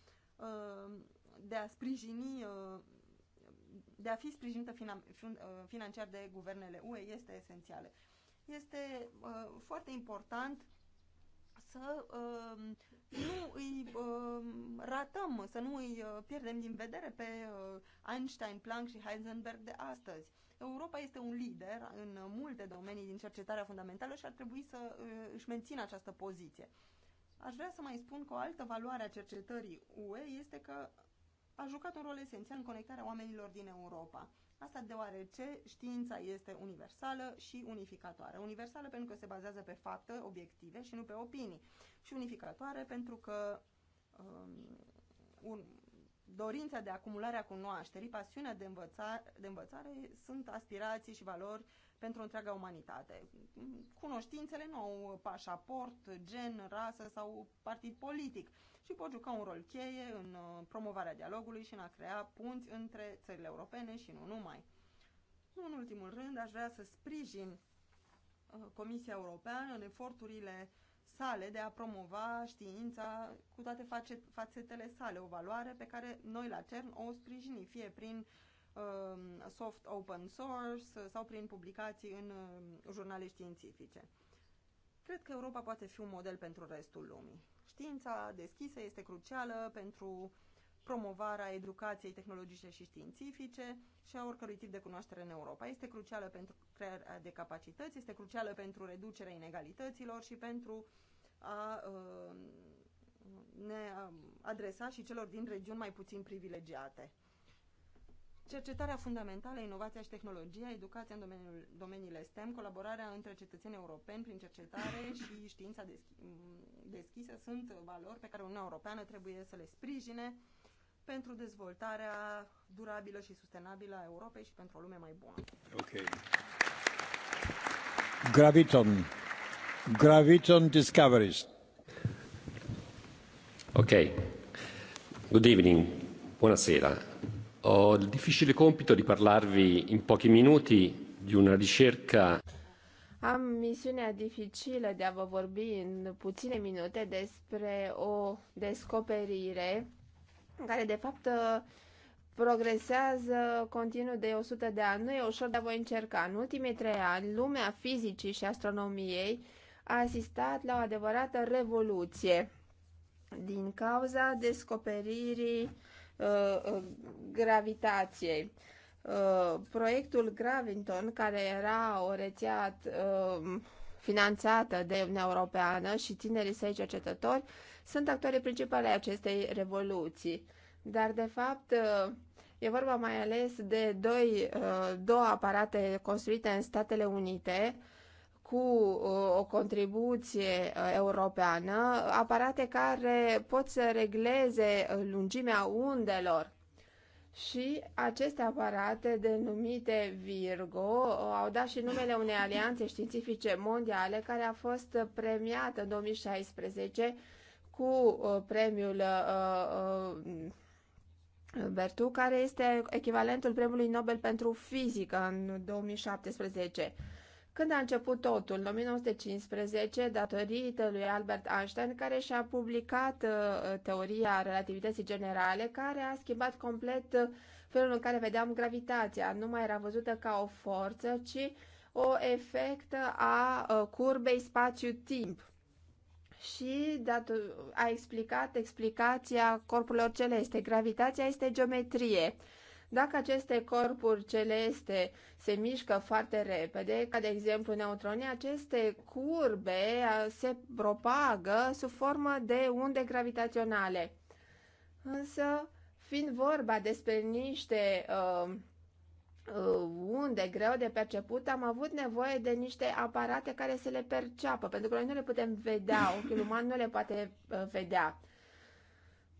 de a sprijini de a fi sprijinită finan, uh, financiar de guvernele UE este esențială. Este uh, foarte important să uh, nu îi uh, ratăm, să nu îi uh, pierdem din vedere pe uh, Einstein, Planck și Heisenberg de astăzi. Europa este un lider în multe domenii din cercetarea fundamentală și ar trebui să uh, își mențină această poziție. Aș vrea să mai spun că o altă valoare a cercetării UE este că a jucat un rol esențial în conectarea oamenilor din Europa. Asta deoarece știința este universală și unificatoare. Universală pentru că se bazează pe fapte obiective și nu pe opinii. Și unificatoare pentru că um, un, dorința de acumulare a cunoașterii, pasiunea de, învăța, de învățare sunt aspirații și valori pentru întreaga umanitate. Cunoștințele nu au pașaport, gen, rasă sau partid politic și pot juca un rol cheie în uh, promovarea dialogului și în a crea punți între țările europene și nu numai. În ultimul rând, aș vrea să sprijin uh, Comisia Europeană în eforturile sale de a promova știința cu toate facetele sale, o valoare pe care noi la CERN o sprijinim, fie prin uh, Um, soft open source sau prin publicații în um, jurnale științifice. Cred că Europa poate fi un model pentru restul lumii. Știința deschisă este crucială pentru promovarea educației tehnologice și științifice și a oricărui tip de cunoaștere în Europa. Este crucială pentru crearea de capacități, este crucială pentru reducerea inegalităților și pentru a uh, ne adresa și celor din regiuni mai puțin privilegiate. Cercetarea fundamentală, inovația și tehnologia, educația în domeniul, domeniile STEM, colaborarea între cetățeni europeni prin cercetare *coughs* și știința deschisă sunt valori pe care Uniunea Europeană trebuie să le sprijine pentru dezvoltarea durabilă și sustenabilă a Europei și pentru o lume mai bună. Ok. Graviton. Graviton Discoveries. Ok. Good evening. Bună seara. Ho il difficile compito di parlarvi in pochi minuti di una ricerca. Am misiunea dificilă de a vă vorbi în puține minute despre o descoperire care de fapt progresează continuu de 100 de ani. Nu e ușor, dar voi încerca. În ultimii trei ani, lumea fizicii și astronomiei a asistat la o adevărată revoluție din cauza descoperirii Uh, uh, gravitației. Uh, proiectul Gravinton, care era o rețea uh, finanțată de Uniunea Europeană și tinerii săi cercetători, sunt actorii principali ai acestei revoluții. Dar, de fapt, uh, E vorba mai ales de doi, uh, două aparate construite în Statele Unite, cu uh, o contribuție uh, europeană, aparate care pot să regleze uh, lungimea undelor. Și aceste aparate, denumite Virgo, au dat și numele unei alianțe științifice mondiale care a fost premiată în 2016 cu premiul Bertu, care este echivalentul premiului Nobel pentru fizică în 2017. Când a început totul, în 1915, datorită lui Albert Einstein, care și-a publicat uh, teoria relativității generale, care a schimbat complet uh, felul în care vedeam gravitația. Nu mai era văzută ca o forță, ci o efect a uh, curbei spațiu-timp. Și a explicat explicația corpurilor celeste. Gravitația este geometrie. Uh, dacă aceste corpuri celeste se mișcă foarte repede, ca de exemplu neutronii, aceste curbe se propagă sub formă de unde gravitaționale. Însă, fiind vorba despre niște uh, uh, unde greu de perceput, am avut nevoie de niște aparate care să le perceapă, pentru că noi nu le putem vedea, *coughs* ochiul uman nu le poate uh, vedea.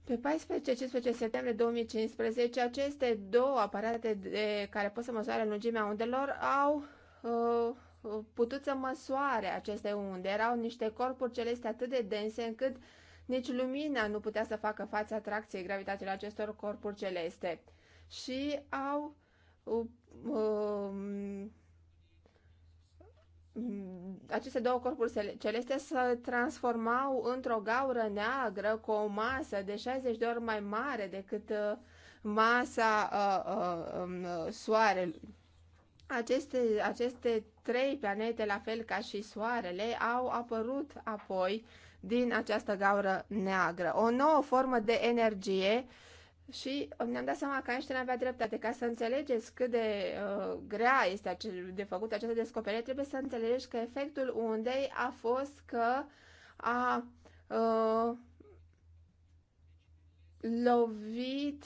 Pe 14-15 septembrie 2015, aceste două aparate de, care pot să măsoare lungimea undelor au uh, putut să măsoare aceste unde. Erau niște corpuri celeste atât de dense încât nici lumina nu putea să facă față atracției gravitației acestor corpuri celeste. Și au uh, uh, Mm, aceste două corpuri celeste se transformau într-o gaură neagră cu o masă de 60 de ori mai mare decât uh, masa uh, uh, um, uh, soarelui. Aceste, aceste trei planete, la fel ca și soarele, au apărut apoi din această gaură neagră. O nouă formă de energie uh, și ne-am dat seama că Einstein avea dreptate. Ca să înțelegeți cât de uh, grea este ace- de făcut această descoperire, trebuie să înțelegi că efectul undei a fost că a uh, lovit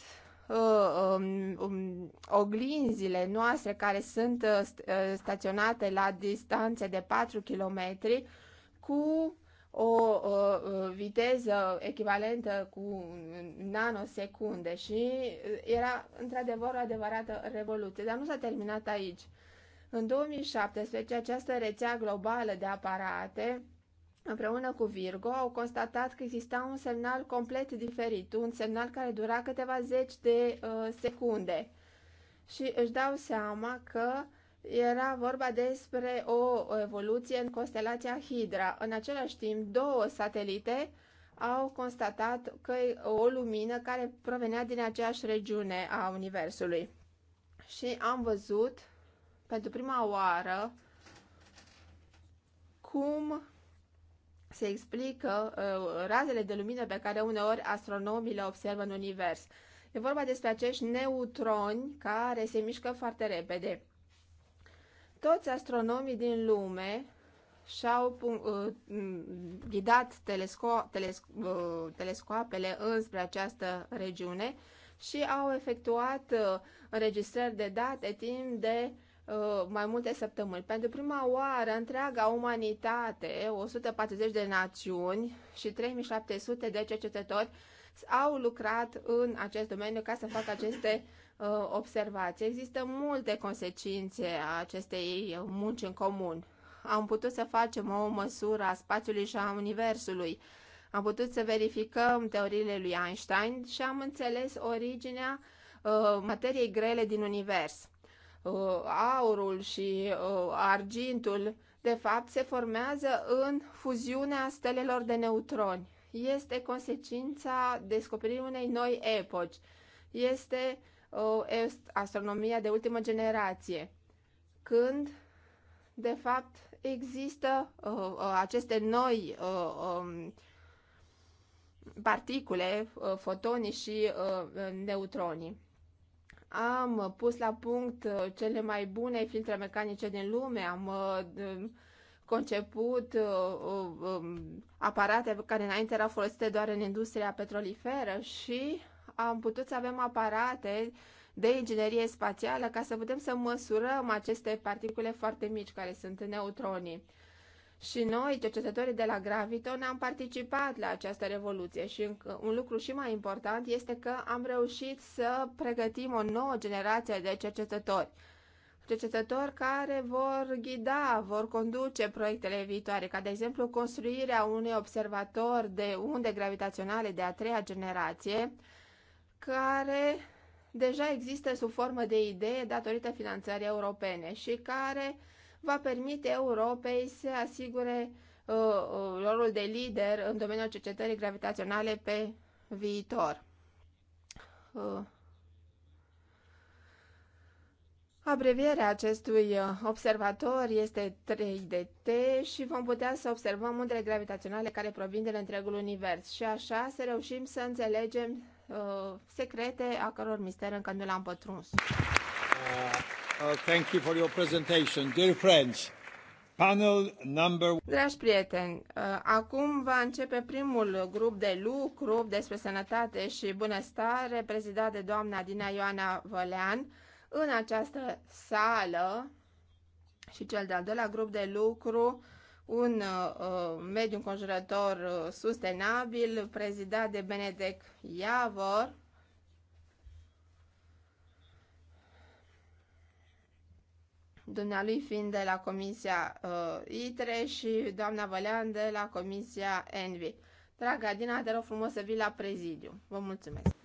uh, um, um, oglinzile noastre care sunt uh, uh staționate la distanțe de 4 km cu o viteză echivalentă cu nanosecunde și era într-adevăr o adevărată revoluție, dar nu s-a terminat aici. În 2017, această rețea globală de aparate, împreună cu Virgo, au constatat că exista un semnal complet diferit, un semnal care dura câteva zeci de uh, secunde. Și își dau seama că uh, era vorba despre o evoluție în constelația Hydra. În același timp, două satelite au constatat că e o lumină care provenea din aceeași regiune a Universului. Și am văzut pentru prima oară cum se explică uh, razele de lumină pe care uneori astronomii le observă în Univers. E vorba despre acești neutroni care se mișcă foarte repede toți astronomii din lume și-au uh, mm, ghidat telesco- telesco- uh, telescoapele înspre această regiune și au efectuat uh, înregistrări de date timp de uh, mai multe săptămâni. Pentru prima oară, întreaga umanitate, 140 de națiuni și 3700 de cercetători au lucrat în acest domeniu ca să facă aceste Uh, observație. Există multe consecințe a acestei munci în comun. Am putut să facem o măsură a spațiului și a universului. Am putut să verificăm teoriile lui Einstein și am înțeles originea uh, materiei grele din univers. Uh, aurul și argintul, de fapt, se formează în fuziunea stelelor de neutroni. Este consecința descoperirii unei noi epoci. Este uh, este astronomia de ultimă generație, când, de fapt, există uh, uh, aceste noi uh, um, particule, fotonii și neutronii. Am pus la punct cele mai bune filtre mecanice din lume, am um, conceput um, aparate care înainte erau folosite doar în industria petroliferă și am putut să avem aparate de inginerie spațială ca să putem să măsurăm aceste particule foarte mici care sunt neutronii. Și noi, cercetătorii de la Graviton, am participat la această revoluție și un lucru și mai important este că am reușit să pregătim o nouă generație de cercetători. Cercetători care vor ghida, vor conduce proiectele viitoare, ca de exemplu construirea unui observator de unde gravitaționale de a treia generație, care deja există sub formă de idee datorită finanțării europene și care va permite Europei să asigure uh, uh rolul de lider în domeniul cercetării gravitaționale pe viitor. Uh. Abrevierea acestui uh, observator este 3DT și vom putea să observăm undele gravitaționale care provin din întregul univers și așa să reușim să înțelegem uh, secrete a căror mister încă nu l-am pătruns. Uh, uh, thank you for your presentation, dear friends. Panel number... Dragi prieteni, uh, acum va începe primul grup de lucru despre sănătate și bunăstare, prezidat de doamna Dina Ioana Vălean, în această sală și cel de-al doilea grup de lucru un uh, uh, mediu înconjurător uh, sustenabil, prezidat de Benedek Iavor. Dumnealui fiind de la Comisia uh, ITRE și doamna Vălean de la Comisia ENVI. Draga Dina, te rog frumos să vii la prezidiu. Vă mulțumesc!